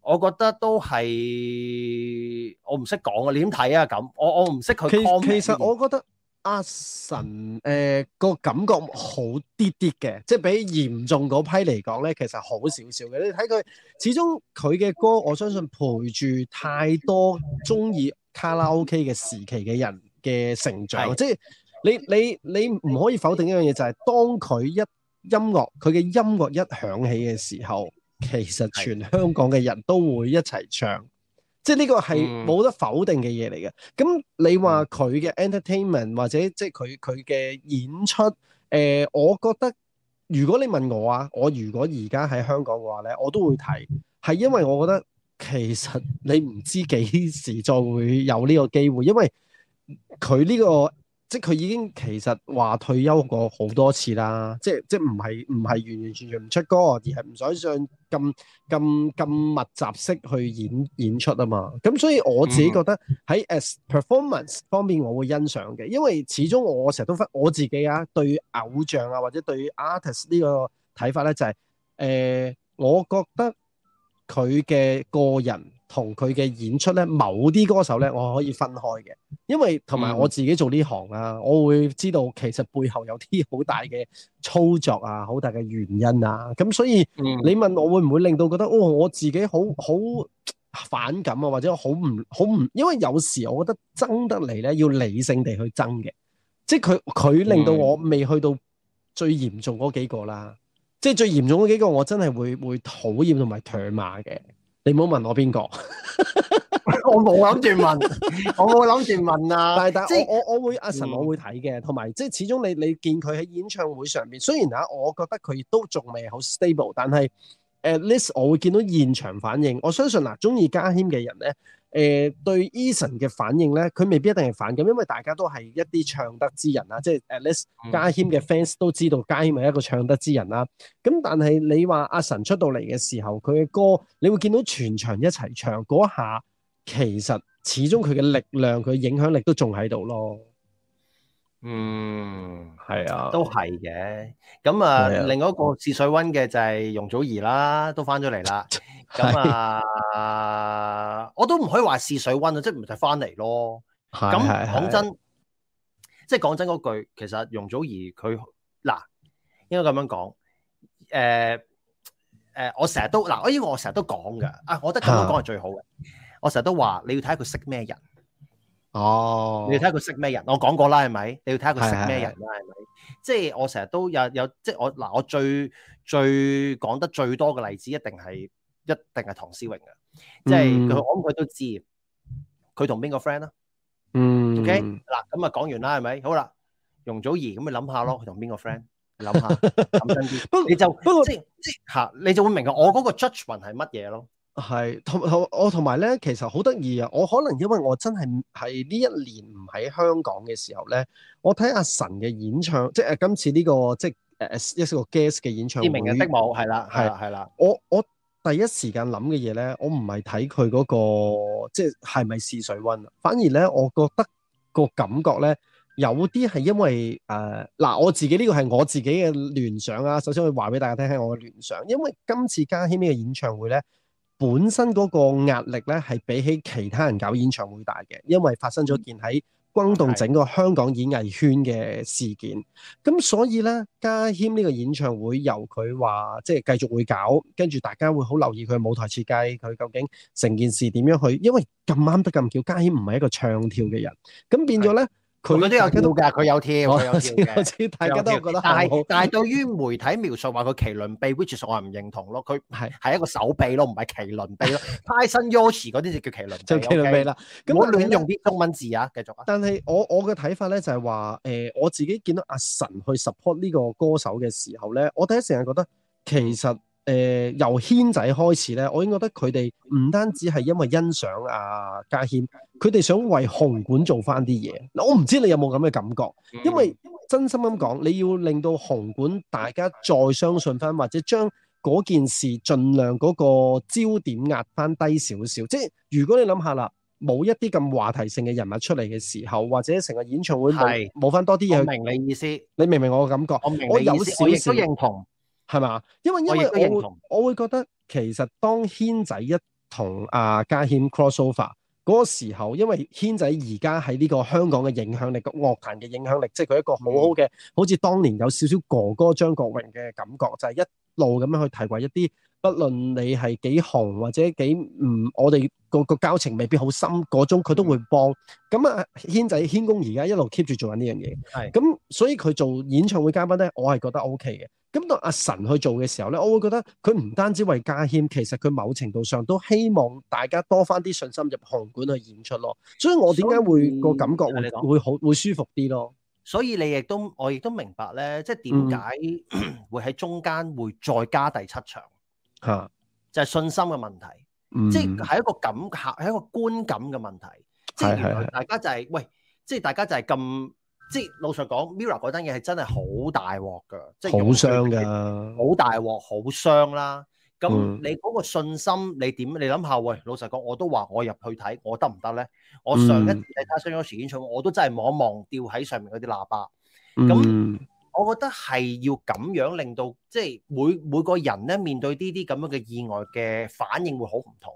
我覺得都係我唔識講啊！你點睇啊？咁我我唔識佢。其實我覺得。阿神誒個感覺好啲啲嘅，即係比嚴重嗰批嚟講咧，其實好少少嘅。你睇佢始終佢嘅歌，我相信陪住太多鍾意卡拉 OK 嘅時期嘅人嘅成長。的即係你你你唔可以否定一樣嘢，就係當佢一音樂佢嘅音樂一響起嘅時候，其實全香港嘅人都會一齊唱。即係呢個係冇得否定嘅嘢嚟嘅，咁你話佢嘅 entertainment 或者即係佢佢嘅演出，誒、呃，我覺得如果你問我啊，我如果而家喺香港嘅話咧，我都會提，係因為我覺得其實你唔知幾時再會有呢個機會，因為佢呢個。即係佢已經其實話退休過好多次啦，即係即係唔係唔係完完全全唔出歌，而係唔想上咁咁咁密集式去演演出啊嘛。咁所以我自己覺得喺 as、嗯、performance 方面，我會欣賞嘅，因為始終我成日都分我自己啊對偶像啊或者對 artist 呢個睇法咧就係、是、誒、呃，我覺得佢嘅個人。同佢嘅演出咧，某啲歌手咧，我可以分開嘅，因為同埋我自己做呢行啊，嗯、我會知道其實背後有啲好大嘅操作啊，好大嘅原因啊，咁所以、嗯、你問我會唔會令到覺得哦，我自己好好反感啊，或者好唔好唔，因為有時我覺得爭得嚟，咧，要理性地去爭嘅，即係佢佢令到我未去到最嚴重嗰幾個啦，嗯、即係最嚴重嗰幾個，我真係會會討厭同埋唾罵嘅。你唔好問我邊個，我冇諗住問，我冇諗住問啊！ 但係但即係我我會阿神我會睇嘅，同埋、嗯、即係始終你你見佢喺演唱會上面，雖然吓，我覺得佢都仲未好 stable，但係。at least 我會見到現場反應，我相信嗱，中意家謙嘅人咧，誒、呃、對 Eason 嘅反應咧，佢未必一定係反感，因為大家都係一啲唱得之人啊，即係 at least 家謙嘅 fans 都知道家謙係一個唱得之人啦。咁但係你話阿神出到嚟嘅時候，佢嘅歌，你會見到全場一齊唱嗰下，其實始終佢嘅力量、佢影響力都仲喺度咯。嗯，係啊，都係嘅。咁啊，啊另外一個試水溫嘅就係容祖兒啦，都翻咗嚟啦。咁啊，啊啊我都唔可以話試水溫啊，即係唔使翻嚟咯。咁講、啊、真，即係講真嗰句，其實容祖兒佢嗱，應該咁樣講。誒、呃、誒、呃，我成日都嗱，呢個我成日都講㗎。啊，我覺得咁樣講係最好嘅。啊、我成日都話，你要睇下佢識咩人。哦，你睇下佢識咩人，我講過啦，係咪？你要睇下佢識咩人啦，係咪？即係我成日都有有，即係我嗱，嗱，我最最講得最多嘅例子一定，一定係一定係唐詩詠嘅，即係我諗佢都知，佢同邊個 friend 啦？嗯，OK，嗱咁啊，講完啦，係咪？好啦，容祖兒咁咪諗下咯，佢同邊個 friend？諗下諗真啲，你就不即不過即吓，即即 um, 你就會明白我嗰個 judgement 係乜嘢咯。係同同我同埋咧，其實好得意啊！我可能因為我真係係呢一年唔喺香港嘅時候咧，我睇阿神嘅演唱，即係今次呢，這個即係誒，一個 guest 嘅演唱會。知名嘅的舞係啦，係啦，我我第一時間諗嘅嘢咧，我唔係睇佢嗰個即係係咪試水温啊，反而咧，我覺得個感覺咧有啲係因為誒嗱、呃，我自己呢，這個係我自己嘅聯想啊。首先我，我話俾大家聽，下我嘅聯想，因為今次家謙呢個演唱會咧。本身嗰個壓力咧，係比起其他人搞演唱會大嘅，因為發生咗件喺轟動整個香港演藝圈嘅事件。咁的所以呢，家謙呢個演唱會由佢話即係繼續會搞，跟住大家會好留意佢舞台設計，佢究竟成件事點樣去。因為咁啱得咁巧，家謙唔係一個唱跳嘅人，咁變咗呢。佢嗰啲有聽到噶，佢有跳，佢有跳嘅。 我知，大家都覺得 但。但係但係，對於媒體描述話佢麒麟臂，which 我係唔認同咯。佢係係一個手臂咯，唔係麒麟臂咯。 Tyson Yoshi 嗰啲就叫麒麟， 就麒麟臂啦。咁我亂用啲中文字啊，繼續啊。但係我我嘅睇法咧就係話，誒、呃，我自己見到阿神去 support 呢個歌手嘅時候咧，我第一成日覺得其實。誒、呃、由軒仔開始咧，我已經覺得佢哋唔單止係因為欣賞阿、啊、家謙，佢哋想為紅館做翻啲嘢。嗱，我唔知你有冇咁嘅感覺，因為、嗯、真心咁講，你要令到紅館大家再相信翻，或者將嗰件事儘量嗰個焦點壓翻低少少。即係如果你諗下啦，冇一啲咁話題性嘅人物出嚟嘅時候，或者成個演唱會冇冇翻多啲嘢，我明你意思，你明唔明我嘅感覺？我，我有少少認同。係嘛？因為因為我會我，我會覺得其實當軒仔一同阿嘉謙 cross over 嗰個時候，因為軒仔而家喺呢個香港嘅影響力嘅樂壇嘅影響力，即係佢一個好、嗯、好嘅，好似當年有少少哥哥張國榮嘅感覺，就係、是、一路咁樣去提携一啲不論你係幾紅或者幾唔、嗯，我哋個個交情未必好深，嗰種佢都會幫。咁啊、嗯，軒仔軒公而家一路 keep 住做緊呢樣嘢，係咁、嗯，所以佢做演唱會嘉賓咧，我係覺得 O K 嘅。咁到阿神去做嘅時候咧，我會覺得佢唔單止為家謙，其實佢某程度上都希望大家多翻啲信心入紅館去演出咯。所以我點解會以個感覺會，會好會舒服啲咯？所以你亦都我亦都明白咧，即係點解會喺中間會再加第七場吓，啊、就係信心嘅問題，即係係一個感感係、嗯、一個觀感嘅問題，即係、嗯、原來大家就係喂，即係大家就係咁。即老實講，MIRROR 嗰單嘢係真係好大鑊㗎，即係好傷㗎，好大鑊，好傷啦。咁、嗯、你嗰個信心你點？你諗下喂，老實講，我都話我入去睇我得唔得咧？我上一次睇家謙、嗯、演唱會，我都真係望一望掉喺上面嗰啲喇叭。咁、嗯、我覺得係要咁樣令到即係每每個人咧面對呢啲咁樣嘅意外嘅反應會好唔同。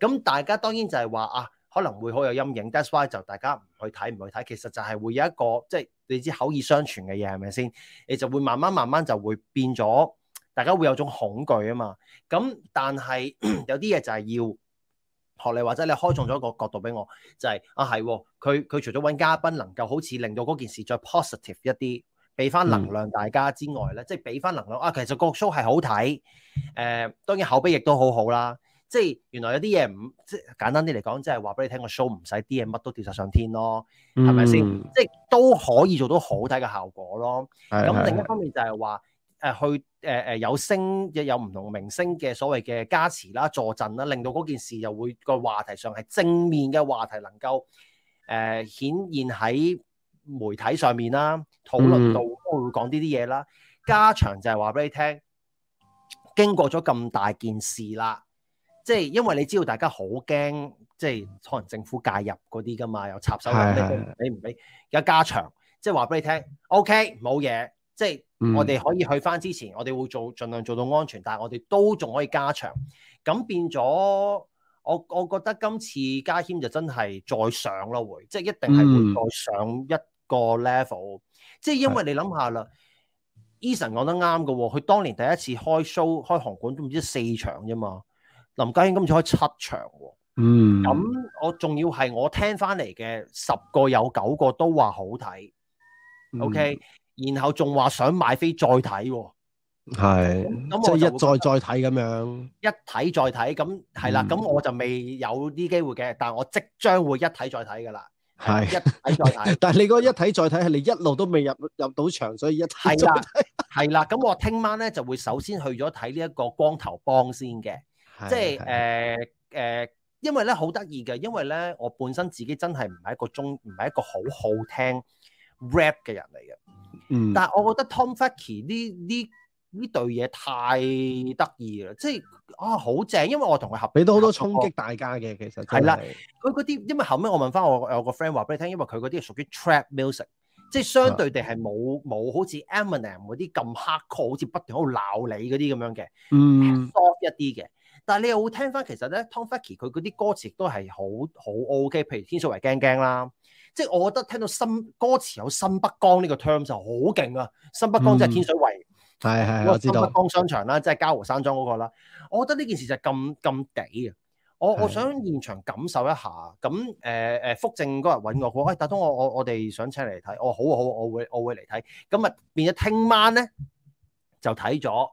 咁大家當然就係話啊。可能會好有陰影，that's why 就大家唔去睇，唔去睇，其實就係會有一個即係、就是、你知口耳相傳嘅嘢係咪先？你就會慢慢慢慢就會變咗，大家會有種恐懼啊嘛。咁但係有啲嘢就係要學你，或者你開闢咗一個角度俾我，就係、是、啊係，佢佢、哦、除咗揾嘉賓能夠好似令到嗰件事再 positive 一啲，俾翻能量大家之外咧，即係俾翻能量啊、哎。其實個 show 係好睇，誒、呃、當然口碑亦都好好啦。即係原來有啲嘢唔，即係簡單啲嚟講，即係話俾你聽個 show 唔使啲嘢乜都掉晒上天咯，係咪先？即係都可以做到好睇嘅效果咯。咁、嗯、另一方面就係話誒去誒誒有星有唔同明星嘅所謂嘅加持啦、坐鎮啦，令到嗰件事又會個話題上係正面嘅話題能夠誒顯現喺媒體上面啦，討論到都會講呢啲嘢啦。加長、嗯嗯、就係話俾你聽，經過咗咁大件事啦。即係因為你知道大家好驚，即係可能政府介入嗰啲噶嘛，又插手，你唔俾，你唔俾，而家加場，即係話俾你聽，OK，冇嘢，即係我哋可以去翻之前，我哋會做盡量做到安全，但係我哋都仲可以加場。咁變咗，我我覺得今次家謙就真係再上咯，會即係一定係會再上一個 level。嗯、即係因為你諗下啦是的，Eason 講得啱嘅喎，佢當年第一次開 show 開紅館都唔知四場啫嘛。林家謙今次開七場，嗯，咁我仲要係我聽翻嚟嘅，十個有九個都話好睇，OK，然後仲話想買飛再睇，係，咁我一再再睇咁樣，一睇再睇，咁係啦，咁我就未有啲機會嘅，但係我即將會一睇再睇噶啦，係一睇再睇，但係你嗰個一睇再睇係你一路都未入入到場，所以一睇再睇，係啦，咁我聽晚咧就會首先去咗睇呢一個光頭幫先嘅。即係誒誒，因為咧好得意嘅，因為咧我本身自己真係唔係一個中唔係一個好好聽 rap 嘅人嚟嘅，嗯，但係我覺得 Tom Fakie 呢呢呢對嘢太得意啦，即係啊好正，因為我同佢合比都好多衝擊大家嘅其實係啦，佢嗰啲因為後尾我問翻我，我有個 friend 話俾你聽，因為佢嗰啲係屬於 trap music，即係相對地係冇冇好似 Eminem 嗰啲咁 hardcore，好似不斷喺度鬧你嗰啲咁樣嘅，嗯，soft 一啲嘅。但係你又會聽翻，其實咧 Tom Facky 佢嗰啲歌詞都係好好 O K，譬如天水圍驚驚啦，即係我覺得聽到新歌詞有新北江呢個 term 就好勁啊！新北江即係天水圍，係係、嗯、我知道。新北江商場啦，即係嘉湖山莊嗰、那個啦，我覺得呢件事就係咁咁屌嘅。我我想現場感受一下，咁誒誒，福正嗰日揾我，佢話：，喂、哎，打通我我我哋想請你嚟睇，我好啊好啊，我會我會嚟睇。今日變咗聽晚咧就睇咗。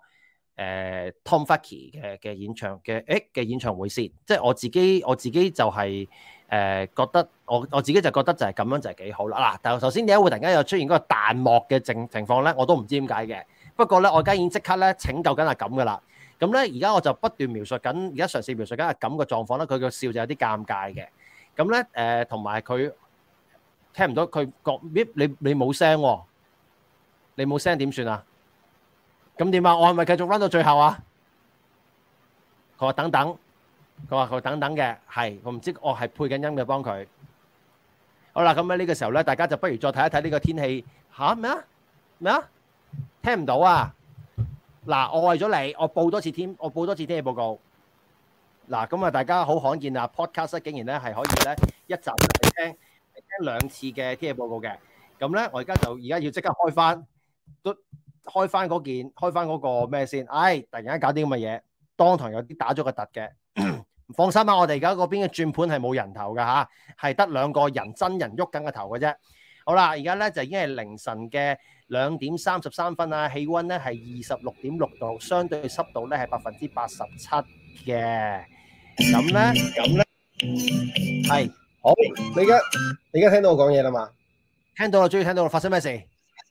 誒、呃、Tom f a k y 嘅嘅演唱嘅誒嘅演唱會先，即係我自己我自己就係、是、誒、呃、覺得我我自己就覺得就係咁樣就係幾好啦嗱。但係頭先點解會突然間有出現嗰個彈幕嘅情情況咧？我都唔知點解嘅。不過咧，我而家已經即刻咧拯救緊係咁噶啦。咁咧而家我就不斷描述緊，而家嘗試描述緊係咁嘅狀況啦。佢個笑就有啲尷尬嘅。咁咧誒同埋佢聽唔到佢講，你你冇聲喎，你冇聲點算啊？咁點啊？我係咪繼續 run 到最後啊？佢話等等，佢話佢等等嘅，係我唔知我係配緊音嘅幫佢。好啦，咁喺呢個時候咧，大家就不如再睇一睇呢個天氣。吓？咩啊？咩啊？聽唔到啊！嗱，我為咗你，我報多次天，我報多次天氣報告。嗱，咁啊，大家好罕見啊！Podcast 竟然咧係可以咧一集聽聽兩次嘅天氣報告嘅。咁咧，我而家就而家要即刻開翻。開翻嗰件，開翻嗰個咩先？哎，突然間搞啲咁嘅嘢，當堂有啲打咗個突嘅。放心啊，我哋而家嗰邊嘅轉盤係冇人頭噶吓，係得兩個人真人喐緊個頭嘅啫。好啦，而家咧就已經係凌晨嘅兩點三十三分啦，氣溫咧係二十六點六度，相對濕度咧係百分之八十七嘅。咁咧，咁咧，係。好，你而家你而家聽到我講嘢啦嘛？聽到啦，終於聽到啦，發生咩事？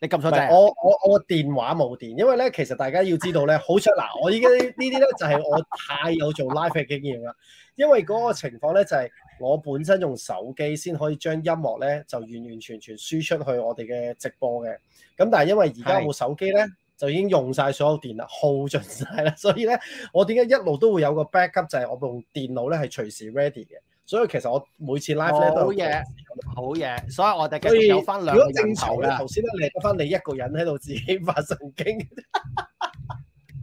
你撳錯掣。我我我電話冇電，因為咧，其實大家要知道咧，好出嗱，我依家呢啲咧 就係我太有做 live 嘅經驗啦，因為嗰個情況咧就係、是、我本身用手機先可以將音樂咧就完完全全輸出去我哋嘅直播嘅，咁但係因為而家部手機咧是就已經用晒所有電啦，耗盡晒啦，所以咧我點解一路都會有個 backup 就係我部電腦咧係隨時 ready 嘅。所以其實我每次 live 咧、哦、都好嘢，好嘢。所以我哋今日有翻兩個人頭啦。頭先咧， 你得翻你一個人喺度自己發神經。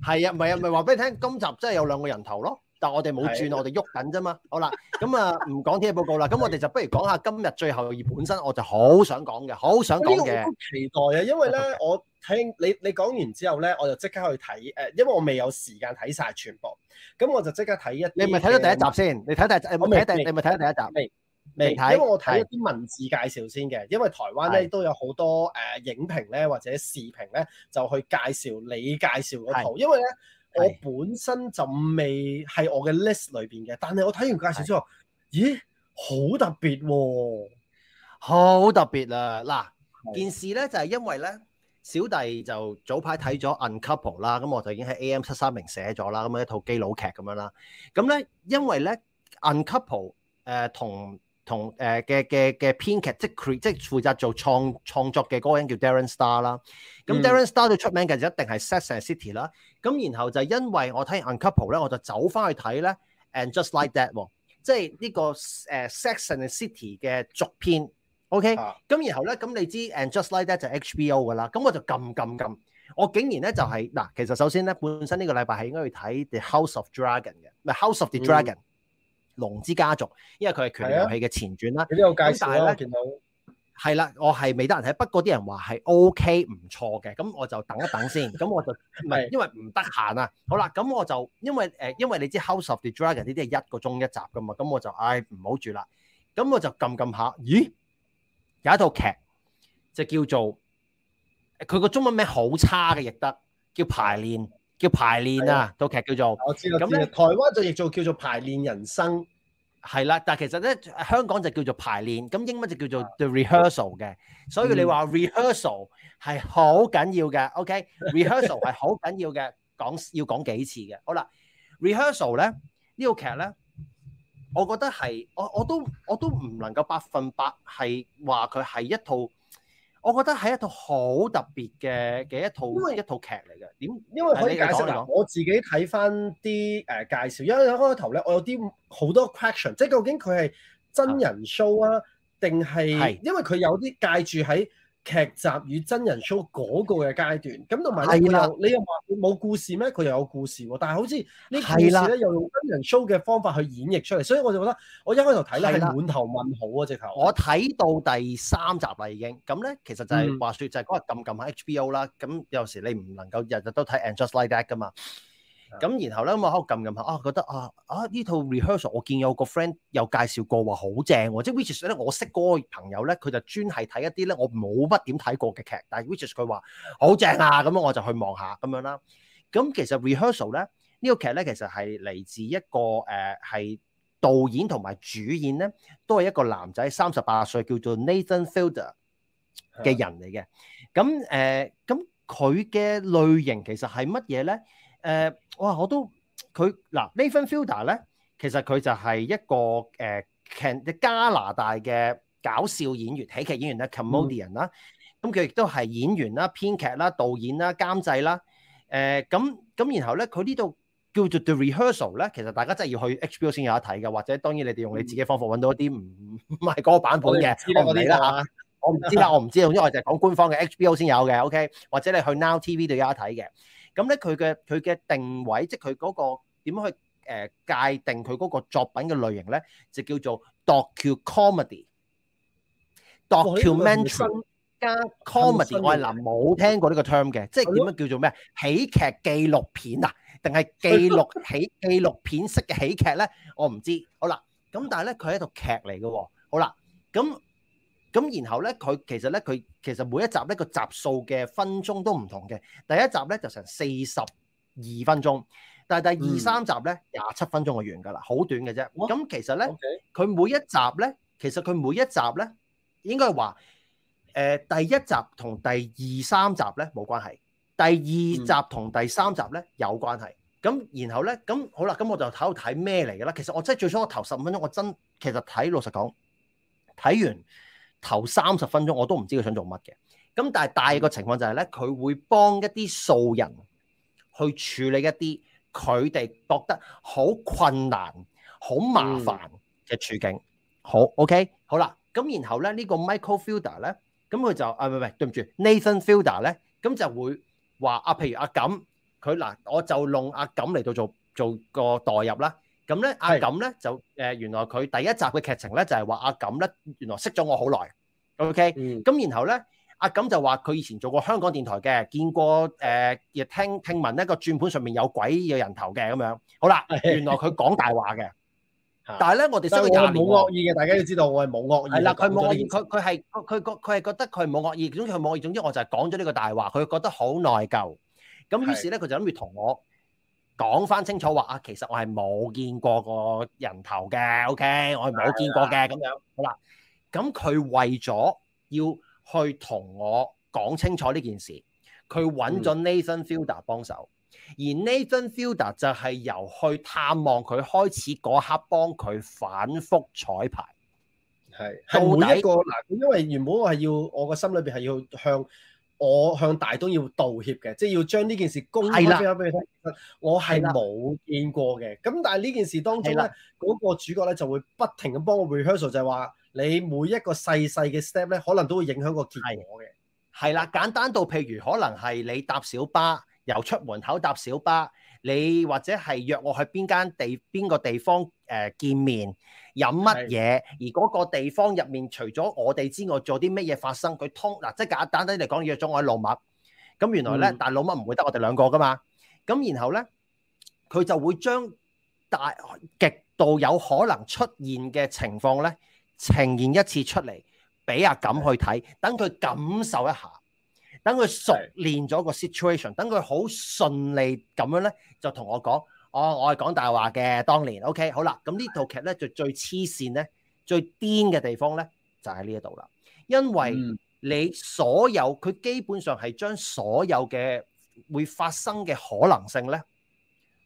係 啊，唔、就、係、是、啊，咪話俾你聽，今集真係有兩個人頭咯。但係我哋冇轉，的我哋喐緊啫嘛。好啦，咁啊，唔講天氣報告啦。咁 我哋就不如講下今日最後而本身我就好想講嘅，好想講嘅。期待啊，因為咧我。 聽你你講完之後咧，我就即刻去睇誒，因為我未有時間睇晒全部，咁我就即刻睇一。你咪睇咗第一集先，你睇第一集，我未睇，你咪睇咗第一集未？未睇。因為我睇咗一啲文字介紹先嘅，因為台灣咧都有好多誒影評咧或者視頻咧就去介紹你介紹嗰套，因為咧我本身就未喺我嘅 list 裏邊嘅，但係我睇完介紹之後，咦，好特別喎，好特別啊！嗱件事咧就係因為咧。小弟就早排睇咗 Uncouple 啦，咁我就已經喺 AM 七三零寫咗啦，咁樣一套基佬劇咁樣啦。咁咧，因為咧 Uncouple 誒、呃、同同誒嘅嘅嘅編劇即係即係負責做創創作嘅嗰個人叫 Darren Star 啦。咁 Darren Star 最出名嘅就一定係 Sex and City 啦。咁然後就因為我睇 Uncouple 咧，我就走返去睇咧 And Just Like That 喎，即係呢個誒 Sex and City 嘅續篇。O.K. 咁、啊、然後咧，咁你知，and just like that 就 HBO 噶啦。咁我就撳撳撳，我竟然咧就係、是、嗱，其實首先咧，本身呢個禮拜係應該去睇 The House of Dragon 嘅，唔係 House of the Dragon 龍之家族，因為佢係權力遊戲嘅前傳啦。你呢度介紹咧，其實實？係啦，我係未得閒睇，不過啲人話係 O.K. 唔錯嘅，咁我就等一等先。咁 我就唔係是因為唔得閒啊。好啦，咁我就因為誒、呃，因為你知 House of the Dragon 呢啲係一個鐘一集噶嘛，咁我就唉唔好住啦。咁我就撳撳下，咦？ 有一套劇就叫做，佢個中文名好差嘅，亦得叫排練，叫排練啊套的劇叫做我知道，咁咧呢台灣就叫做叫做排練人生係啦，但係其實咧香港就叫做排練，咁英文就叫做 the rehearsal 嘅，所以你話 rehearsal 係好緊要嘅，ok rehearsal 係好緊要嘅，講要講幾次嘅，好啦 rehearsal 咧呢套劇咧。我覺得係，我我都我都唔能夠百分百係話佢係一套，我覺得係一套好特別嘅嘅一套，因為一套劇嚟嘅點，因為可以解釋說說我自己睇返啲誒介紹，因為一開頭咧我有啲好多 question，即係究竟佢係真人 show 啊，定係因為佢有啲介住喺。劇集與真人 show 嗰個嘅階段，咁同埋咧會你又話佢冇故事咩？佢又有故事喎，但係好似呢個故事咧，的又用真人 show 嘅方法去演繹出嚟，所以我就覺得我一開頭睇咧係滿頭問號啊！的直頭我睇到第三集啦已經，咁咧其實就係、是嗯、話說就係嗰日撳撳下 HBO 啦，咁有時你唔能夠日日都睇 And Just Like That 噶嘛。咁然後咧，我喺度撳撳下，啊覺得啊啊呢套 rehearsal，我見有個 friend 有介紹過話好正喎，即係 Whichis 咧，我識嗰個朋友咧，佢就專係睇一啲咧我冇乜點睇過嘅劇，但係 Whichis 佢話好正啊，咁、嗯、樣我就去望下咁樣啦。咁其實 rehearsal 咧呢個劇咧，其實係嚟、這個、自一個誒係、呃、導演同埋主演咧，都係一個男仔，三十八歲，叫做 Nathan Fielder 嘅人嚟嘅。咁誒咁佢嘅類型其實係乜嘢咧？誒，哇、呃！我都佢嗱 Nathan Fielder 咧，其實佢就係一個誒 can、呃、加拿大嘅搞笑演員、喜劇演員啦 comedian 啦。咁佢亦都係演員啦、嗯嗯、編劇啦、導演啦、監製啦。誒、呃，咁咁然後咧，佢呢度叫做 The Rehearsal 咧，其實大家真係要去 HBO 先有得睇嘅，或者當然你哋用你自己方法揾到一啲唔唔係嗰個版本嘅嚟啦嚇。我唔知啊，我唔知啊，因為就係講官方嘅 HBO 先有嘅，OK？或者你去 Now TV 度有得睇嘅。咁咧佢嘅佢嘅定位，即係佢嗰個點樣去誒界定佢嗰個作品嘅類型咧，就叫做 documentary 加 comedy。我係冇聽過呢個 term 嘅，即係點樣叫做咩？喜劇紀錄片啊，定係紀錄喜紀錄片式嘅喜劇咧？我唔知。好啦，咁但係咧，佢係一套劇嚟嘅喎。好啦，咁。咁然後咧，佢其實咧，佢其實每一集咧個集數嘅分鐘都唔同嘅。第一集咧就成四十二分鐘，但係第二、嗯、三集咧廿七分鐘就完㗎啦，好短嘅啫。咁、哦、其實咧，佢、哦 okay? 每一集咧，其實佢每一集咧，應該話誒第一集同第二三集咧冇關係，第二集同第三集咧有關係。咁、嗯、然後咧，咁好啦，咁我就睇到睇咩嚟嘅啦。其實我真係最初我頭十五分鐘，我真其實睇老實講，睇完。頭三十分鐘我都唔知佢想做乜嘅，咁但係第二個情況就係、是、咧，佢會幫一啲素人去處理一啲佢哋覺得好困難、好麻煩嘅處境。嗯、好，OK，好啦，咁然後咧呢、這個 Michael Fielder 咧，咁佢就啊唔係唔係，對唔住，Nathan Fielder 咧，咁就會話啊，譬如阿錦，佢嗱、啊，我就用阿錦嚟到做做個代入啦。咁咧，阿錦咧就誒，原來佢第一集嘅劇情咧就係話阿錦咧，原來識咗我好耐，OK，咁然後咧，阿錦就話佢以前做過香港電台嘅，見過誒，亦聽聽聞咧個轉盤上面有鬼有人頭嘅咁樣。好啦，原來佢講大話嘅，但係咧我哋識佢廿年，我冇惡意嘅，大家都知道我係冇惡意。係啦，佢冇惡意，佢佢係佢佢佢係覺得佢冇惡意，總之佢冇惡意。總之我就係講咗呢個大話，佢覺得好內疚。咁於是咧，佢就諗住同我。講翻清楚話啊，其實我係冇見過個人頭嘅，OK，我係冇見過嘅咁 樣。好啦，咁佢為咗要去同我講清楚呢件事，佢揾咗 Nathan Fielder 幫手，而 Nathan Fielder 就係由去探望佢開始嗰刻幫佢反覆彩排。係是，到底每一個嗱，因為原本我係要我個心裏邊係要向。我向大東要道歉嘅，即係要將呢件事公開俾你聽。的我係冇見過嘅。咁但係呢件事當中咧，嗰的個主角咧就會不停咁幫我 rehearsal，就係話你每一個細細嘅 step 咧，可能都會影響個結果嘅。係啦的，簡單到譬如可能係你搭小巴，由出門口搭小巴。你或者係約我去邊間地邊個地方誒見面飲乜嘢？而嗰個地方入面除咗我哋之外，仲有啲咩嘢發生？佢通嗱，即係簡單啲嚟講，約咗我喺老麥。咁原來咧，嗯、但老麥唔會得我哋兩個噶嘛。咁然後咧，佢就會將大極度有可能出現嘅情況咧，呈現一次出嚟俾阿錦去睇，等佢感受一下。等佢熟練咗個 situation，等佢好順利咁樣咧，就同我講，哦，我係講大話嘅，當年 OK 好啦。咁呢套劇咧就最黐線咧，最癲嘅地方咧就喺呢一度啦。因為你所有佢基本上係將所有嘅會發生嘅可能性咧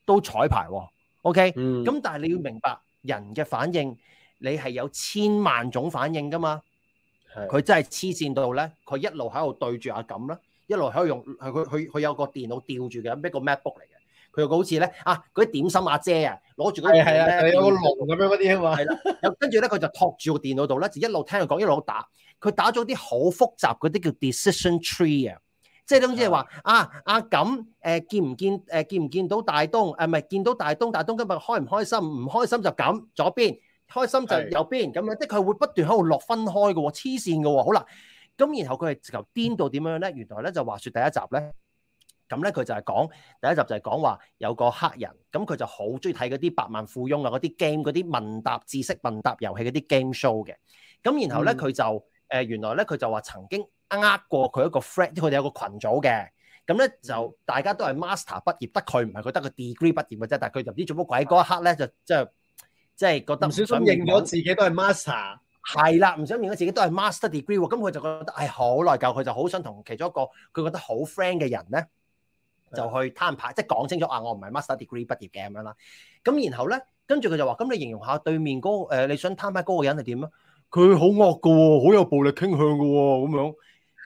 都彩排喎。OK，咁、嗯、但係你要明白人嘅反應，你係有千萬種反應㗎嘛。佢真係黐線到咧，佢一路喺度對住阿錦啦，一路喺度用，佢佢佢有個電腦吊住嘅，一個 MacBook 嚟嘅，佢個好似咧啊，啲點心阿姐啊，攞住嗰個，係係係，有個籠咁樣嗰啲啊嘛，係啦，咁跟住咧佢就托住個電腦度咧，就一路聽佢講，一路打，佢打咗啲好複雜嗰啲叫 decision tree 是的 啊，即係等於係話啊阿錦誒、啊、見唔見誒、啊、見唔見、啊、見、見到大東誒唔係見到大東，大東今日開唔開心？唔開心就咁左邊。開心就右邊咁樣，的係佢會不斷喺度落分開嘅喎，黐線嘅喎，好啦。咁然後佢係直頭癲到點樣咧？原來咧就話說第一集咧，咁咧佢就係講第一集就係講話有個黑人，咁佢就好中意睇嗰啲百萬富翁啊，嗰啲 game、嗰啲問答知識問答遊戲嗰啲 game show 嘅。咁然後咧佢就誒、呃、原來咧佢就話曾經呃過佢一個 friend，佢哋有個群組嘅。咁咧就大家都係 master 畢業，得佢唔係佢得個 degree 畢業嘅啫。但係佢就唔知做乜鬼嗰一刻咧就即係。就是就是即係覺得唔小心認咗自己都係 master，係啦，唔 想認咗自己都係 master degree 喎，咁佢就覺得係好內疚，佢就好想同其中一個佢覺得好 friend 嘅人咧，就去攤牌，的即係講清楚啊，我唔係 master degree 畢業嘅咁樣啦。咁然後咧，跟住佢就話，咁、嗯、你形容下對面嗰、那、誒、個呃、你想攤牌嗰個人係點啊？佢好惡㗎喎，好有暴力傾向㗎喎，咁樣。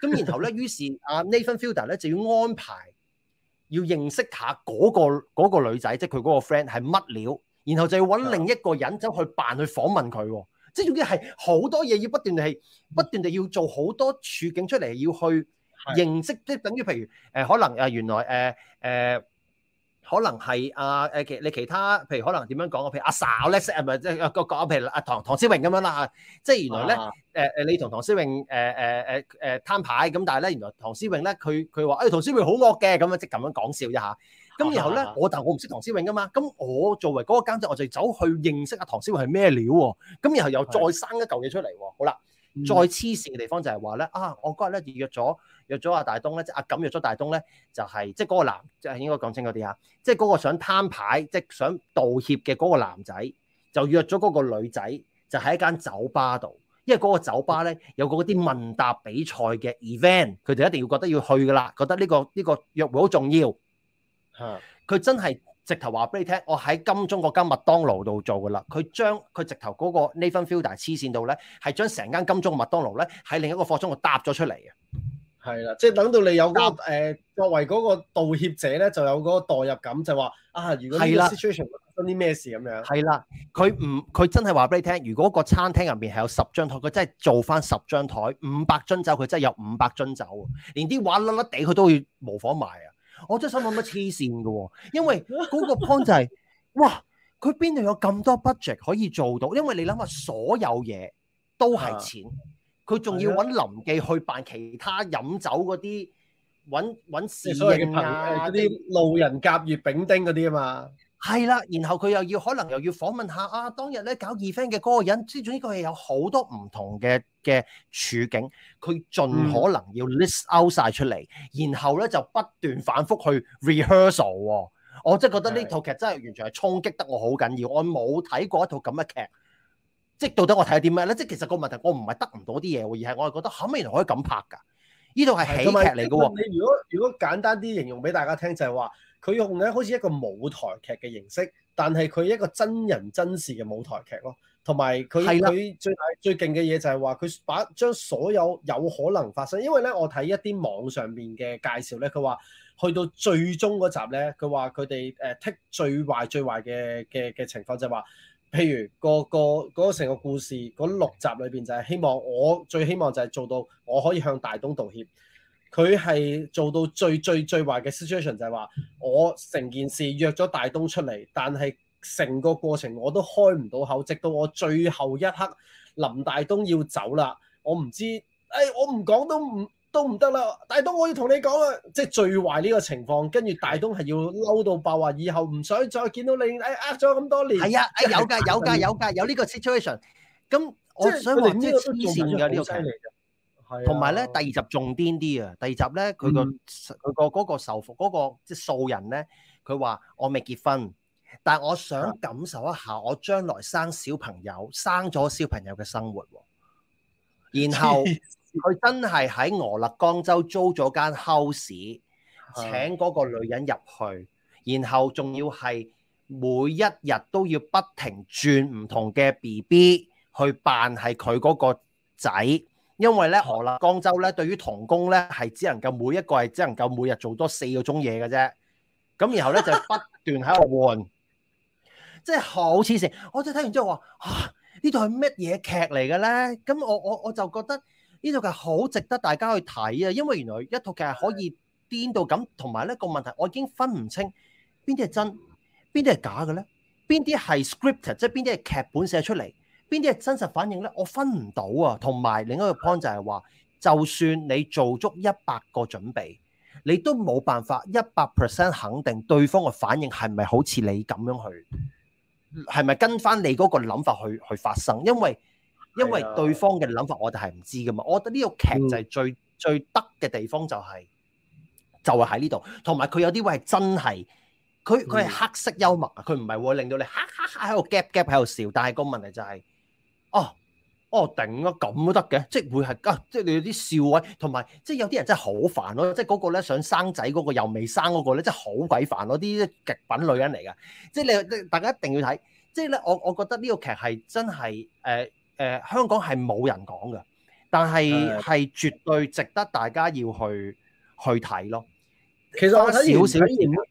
咁 然後咧，於是阿 Nathan Fielder 咧就要安排要認識下嗰、那個嗰、那個女仔，即係佢嗰個 friend 係乜料？然後就要揾另一個人走去扮去訪問佢，即係總之係好多嘢要不斷地、不斷地要做好多處境出嚟，要去認識，是的 即係等於譬如誒是的、呃，可能啊，原來誒誒，可能係啊誒其你其他譬如可能點樣講啊？譬如阿 Sir 咧，誒唔係即係個個譬如阿、啊、唐唐詩詠咁樣啦嚇，即係原來咧誒誒，的你同唐詩詠誒誒誒誒攤牌咁，但係咧原來唐詩詠咧佢佢話誒唐詩詠好惡嘅咁樣，即係咁樣講笑一下。咁然後咧、啊，我但係我唔識唐詩詠㗎嘛，咁我作為嗰個監製，我就走去認識阿唐詩詠係咩料喎。咁然後又再生一嚿嘢出嚟喎、啊。好啦，再黐線嘅地方就係話咧，啊，我嗰日咧約咗約咗阿大東咧，即係阿錦約咗大東咧，就係、是、即係嗰個男，即係應該講清楚啲啊，即係嗰個想攤牌，即係想道歉嘅嗰個男仔，就約咗嗰個女仔，就喺一間酒吧度，因為嗰個酒吧咧有嗰啲問答比賽嘅 event，佢哋一定要覺得要去㗎啦，覺得呢、呢個呢、呢個約會好重要。佢真係直頭話俾你聽，我喺金鐘嗰間麥當勞度做噶啦。佢將佢直頭嗰個 Nathan Fielder 黐線到咧，係將成間金鐘嘅麥當勞咧，喺另一個貨倉度搭咗出嚟嘅。係啦，即係等到你有嗰、誒、呃，作為嗰個道歉者咧，就有嗰個代入感，就話啊，如果呢個 situation 發生啲咩事咁樣。係啦，佢唔，佢真係話俾你聽，如果個餐廳入面係有十張台，佢真係做翻十張台，五百樽酒，佢真係有五百樽酒，連啲瓦甩甩地，佢都要模仿埋啊。我真想問乜黐線嘅喎，因為嗰個 point 就係、是，哇，佢邊度有咁多 budget 可以做到？因為你諗下，所有嘢都係錢，佢仲、啊、要揾臨記去辦其他飲酒嗰啲，揾揾攝影啊，啲、就是、路人甲乙丙丁嗰啲啊嘛。係啦，然後佢又要可能又要訪問下啊，當日咧搞 event 嘅嗰個人，即係總之佢係有好多唔同嘅嘅處境，佢盡可能要 list out 曬出嚟，嗯、然後咧就不斷反覆去 rehearsal、哦、我真係覺得呢套劇真係完全係衝擊得我好緊要，的我冇睇過一套咁嘅劇。即係到底我睇咗啲咩咧？即係其實個問題，我唔係得唔到啲嘢喎，而係我係覺得嚇，原來可以咁拍㗎。呢套係喜劇嚟㗎喎。你如果如果簡單啲形容俾大家聽，就係、是、話。佢用咧好似一個舞台劇嘅形式，但係佢一個真人真事嘅舞台劇咯，同埋佢佢最大最勁嘅嘢就係話佢把將所有有可能發生，因為咧我睇一啲網上面嘅介紹咧，佢話去到最終嗰集咧，佢話佢哋誒剔最壞最壞嘅嘅嘅情況就係話，譬如個個嗰成個故事嗰六集裏邊就係希望我最希望就係做到我可以向大東道歉。佢係做到最最最壞嘅 situation 就係話，我成件事約咗大東出嚟，但係成個過程我都開唔到口，直到我最後一刻，林大東要走啦，我唔知，誒我唔講都唔都唔得啦，大東我要同你講啊，即係最壞呢個情況，跟住大東係要嬲到爆，話以後唔想再見到你，誒呃咗咁多年，係啊，哎、有㗎有㗎有㗎有呢個 situation，咁我想話呢個黐線呢個同埋咧，第二集仲癲啲啊！第二集咧，佢個佢個嗰個受服嗰、那個即素人咧，佢話我未結婚，但係我想感受一下我將來生小朋友、生咗小朋友嘅生活。然後佢真係喺俄勒岡州租咗間 house，請嗰個女人入去，啊、然後仲要係每一日都要不停轉唔同嘅 BB 去扮係佢嗰個仔。因為咧，俄勒岡州咧，對於童工咧，係只能夠每一個係只能夠每日做多四個鐘嘢嘅啫。咁然後咧就不斷喺度換，即係好黐線。我真係睇完之後話：呢套係乜嘢劇嚟嘅咧？咁我我我就覺得呢套劇好值得大家去睇啊！因為原來一套劇係可以顛到咁，同埋咧個問題，我已經分唔清邊啲係真，邊啲係假嘅咧？邊啲係 scripted，即係邊啲係劇本寫出嚟？邊啲係真實反應咧？我分唔到啊！同埋另一個 point 就係話，就算你做足一百個準備，你都冇辦法一百 percent 肯定對方嘅反應係咪好似你咁樣去，係咪跟翻你嗰個諗法去去發生？因為因為對方嘅諗法我哋係唔知噶嘛。我覺得呢個劇就係最、嗯、最得嘅地方就係、係、就係喺呢度。同埋佢有啲位係真係，佢佢係黑色幽默啊！佢唔係會令到你哈哈哈喺度 gap gap 喺度笑，但係個問題就係、係。哦，哦，頂啊！咁都得嘅，即係會係啊！即係你有啲笑位，同埋即係有啲人真係好煩咯，即係嗰個咧想生仔嗰個，又未生嗰個咧，真係好鬼煩咯！啲極品女人嚟噶，即係你，大家一定要睇。即係咧，我我覺得呢個劇係真係誒誒，香港係冇人講嘅，但係係絕對值得大家要去去睇咯。其實我睇少少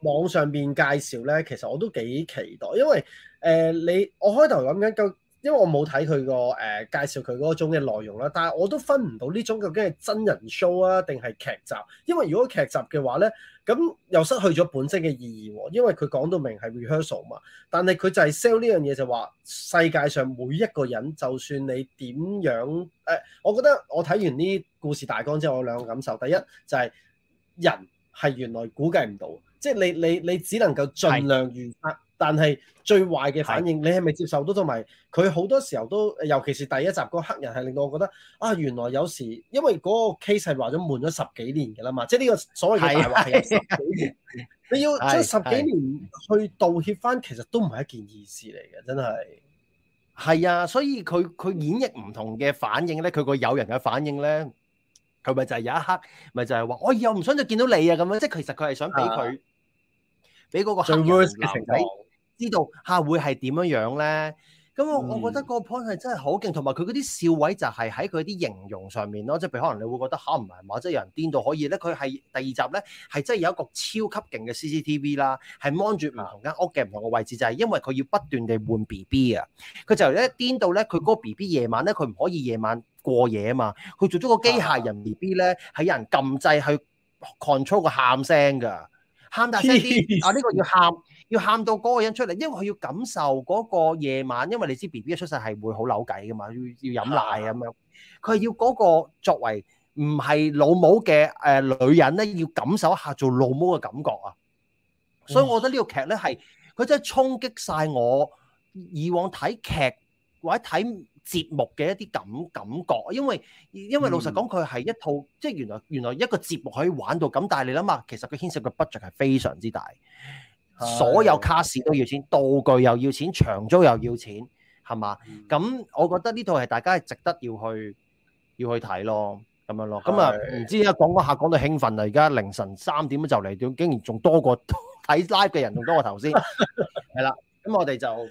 網上面介紹咧，其實我都幾期待，因為誒、呃、你我開頭諗緊個。因為我冇睇佢個誒介紹佢嗰種嘅內容啦，但係我都分唔到呢種究竟係真人 show 啊定係劇集，因為如果劇集嘅話咧，咁又失去咗本身嘅意義喎、啊，因為佢講到明係 rehearsal 嘛，但係佢就係 sell 呢樣嘢就話世界上每一個人，就算你點樣誒、呃，我覺得我睇完呢故事大綱之後，我有兩個感受，第一就係、是、人係原來估計唔到，即、就、係、是、你你你，你只能夠盡量預測。但係最壞嘅反應，你係咪接受到？同埋佢好多時候都，尤其是第一集嗰黑人係令到我覺得啊，原來有時因為嗰個 case 係話咗悶咗十幾年嘅啦嘛，即係呢個所謂嘅大話係十幾年， 你要即係十幾年去道歉翻，其實都唔係一件易事嚟嘅，真係。係啊，所以佢佢演繹唔同嘅反應咧，佢個友人嘅反應咧，佢咪就係有一刻咪就係話、哎：我又唔想再見到你啊！咁樣即係其實佢係想俾佢俾嗰個黑人。最知道嚇會係點樣樣咧？咁我、嗯、我覺得個 point 係真係好勁，同埋佢嗰啲笑位就係喺佢啲形容上面咯。即係譬如可能你會覺得嚇唔係或者有人癲到可以咧。佢係第二集咧係真係有一個超級勁嘅 CCTV 啦，係 mon 住唔同間屋嘅唔同個位置，就係、是、因為佢要不斷地換 B B 啊。佢就由咧癲到咧，佢嗰個 B B 夜晚咧，佢唔可以夜晚過夜啊嘛。佢做咗個機械人 B B 咧，係、啊、有人撳掣去 control 個喊聲嘅，喊大聲啲啊！呢、啊呢個要喊。要喊到嗰個人出嚟，因為佢要感受嗰個夜晚，因為你知 B B 一出世係會好扭計噶嘛，要要飲奶咁樣，佢係、啊、要嗰個作為唔係老母嘅誒、呃呃、女人咧，要感受一下做老母嘅感覺啊！所以我覺得個劇呢個劇咧係，佢真係衝擊晒我以往睇劇或者睇節目嘅一啲感感覺，因為因為老實講，佢係一套即係、嗯、原來原來一個節目可以玩到咁，但係你諗下，其實佢牽涉嘅 budget 係非常之大。所有卡士都要錢，道具又要錢，長租又要錢，係嘛？咁、嗯、我覺得呢套係大家係值得要去要去睇咯，咁樣咯。咁啊，唔知點解，講講客講到興奮啦！而家凌晨三點就嚟到，竟然仲多過睇 live 嘅人，仲多過頭先係啦。咁我哋就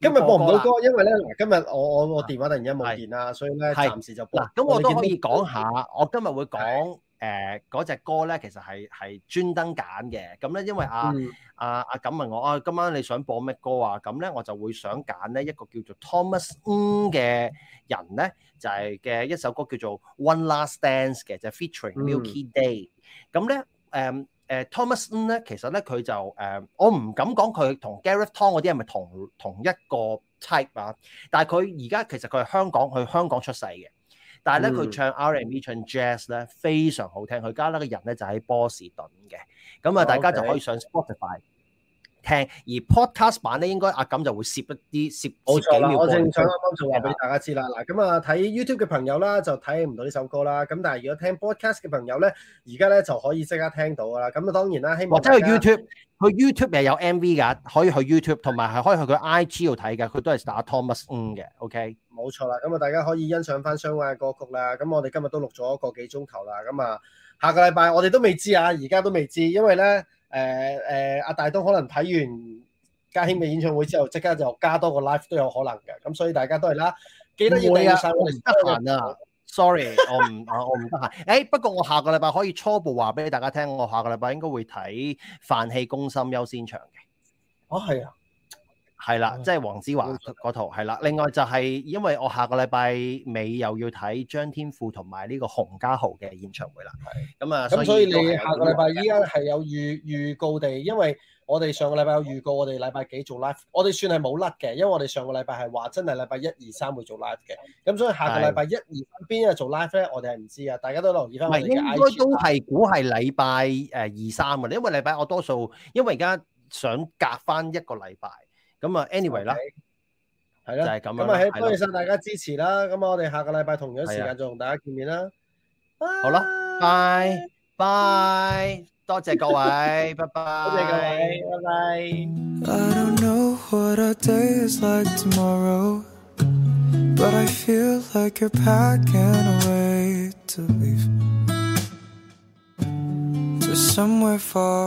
今日播唔到歌，因為咧，今日我我我電話突然間冇電啦，的所以咧暫時就嗱，咁我都可以講,講下，點點我今日會講的。誒嗰隻歌咧，其實係係專登揀嘅。咁咧，因為阿阿阿錦問我啊，今晚你想播咩歌啊？咁咧，我就會想揀咧一個叫做 Thomas Ng 嘅人咧，就係、是、嘅一首歌叫做 One Last Dance 嘅，就是、featuring Milky Day。咁咧、嗯，誒誒、呃、Thomas Ng 咧，其實咧佢就誒、呃，我唔敢講佢同 Gareth 湯嗰啲係咪同同一個 type 啊？但係佢而家其實佢係香港，去香港出世嘅。但係咧、嗯，佢唱 R&B、唱 jazz 呢，非常好聽。佢加拉個人呢就喺波士頓嘅，咁啊，大家就可以上 Spotify。聽而 podcast 版咧，應該壓感、啊、就會攝一啲攝好幾秒。錯啦，我正想啱啱就話俾大家知啦。嗱咁啊，睇 YouTube 嘅朋友啦，就睇唔到呢首歌啦。咁但係如果聽 podcast 嘅朋友咧，而家咧就可以即刻聽到噶啦。咁啊，當然啦，希望或者去 YouTube，去 YouTube 係有 MV 噶，可以去 YouTube，同埋係可以去佢 IG 度睇嘅。佢都係打 Thomas N 嘅。OK，冇錯啦。咁啊，大家可以欣賞翻相關嘅歌曲啦。咁我哋今日都錄咗個幾鐘頭啦。咁啊，下個禮拜我哋都未知啊，而家都未知，因為咧。誒誒，阿、uh, uh, 大東可能睇完家謙嘅演唱會之後，即刻就加多個 live 都有可能嘅，咁所以大家都係啦，記得要嚟啊！我唔得閒啊，sorry，我唔 我我唔得閒。誒、哎，不過我下個禮拜可以初步話俾大家聽，我下個禮拜應該會睇《飯氣攻心》優先場嘅。哦，係啊。係啦，即係黃子華嗰套係啦。另外就係因為我下個禮拜尾又要睇張天賦同埋呢個洪嘉豪嘅演唱會啦。咁啊，所以你下個禮拜依家係有預預告地，因為我哋上個禮拜有預告，我哋禮拜幾做 live，我哋算係冇甩嘅，因為我哋上個禮拜係話真係禮拜一二三會做 live 嘅。咁所以下個禮拜一二邊日做 live 咧，我哋係唔知啊。大家都留意翻我哋嘅 IG，應該都係估係禮拜誒二三啊，因為禮拜我多數因為而家想隔翻一個禮拜。咁啊，anyway 啦，係啦，就係咁。咁啊，多謝曬大家支持啦。咁我哋下個禮拜同樣時間再同大家見面啦。好啦，拜拜，多謝各位，拜拜。多謝各位，拜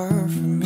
拜。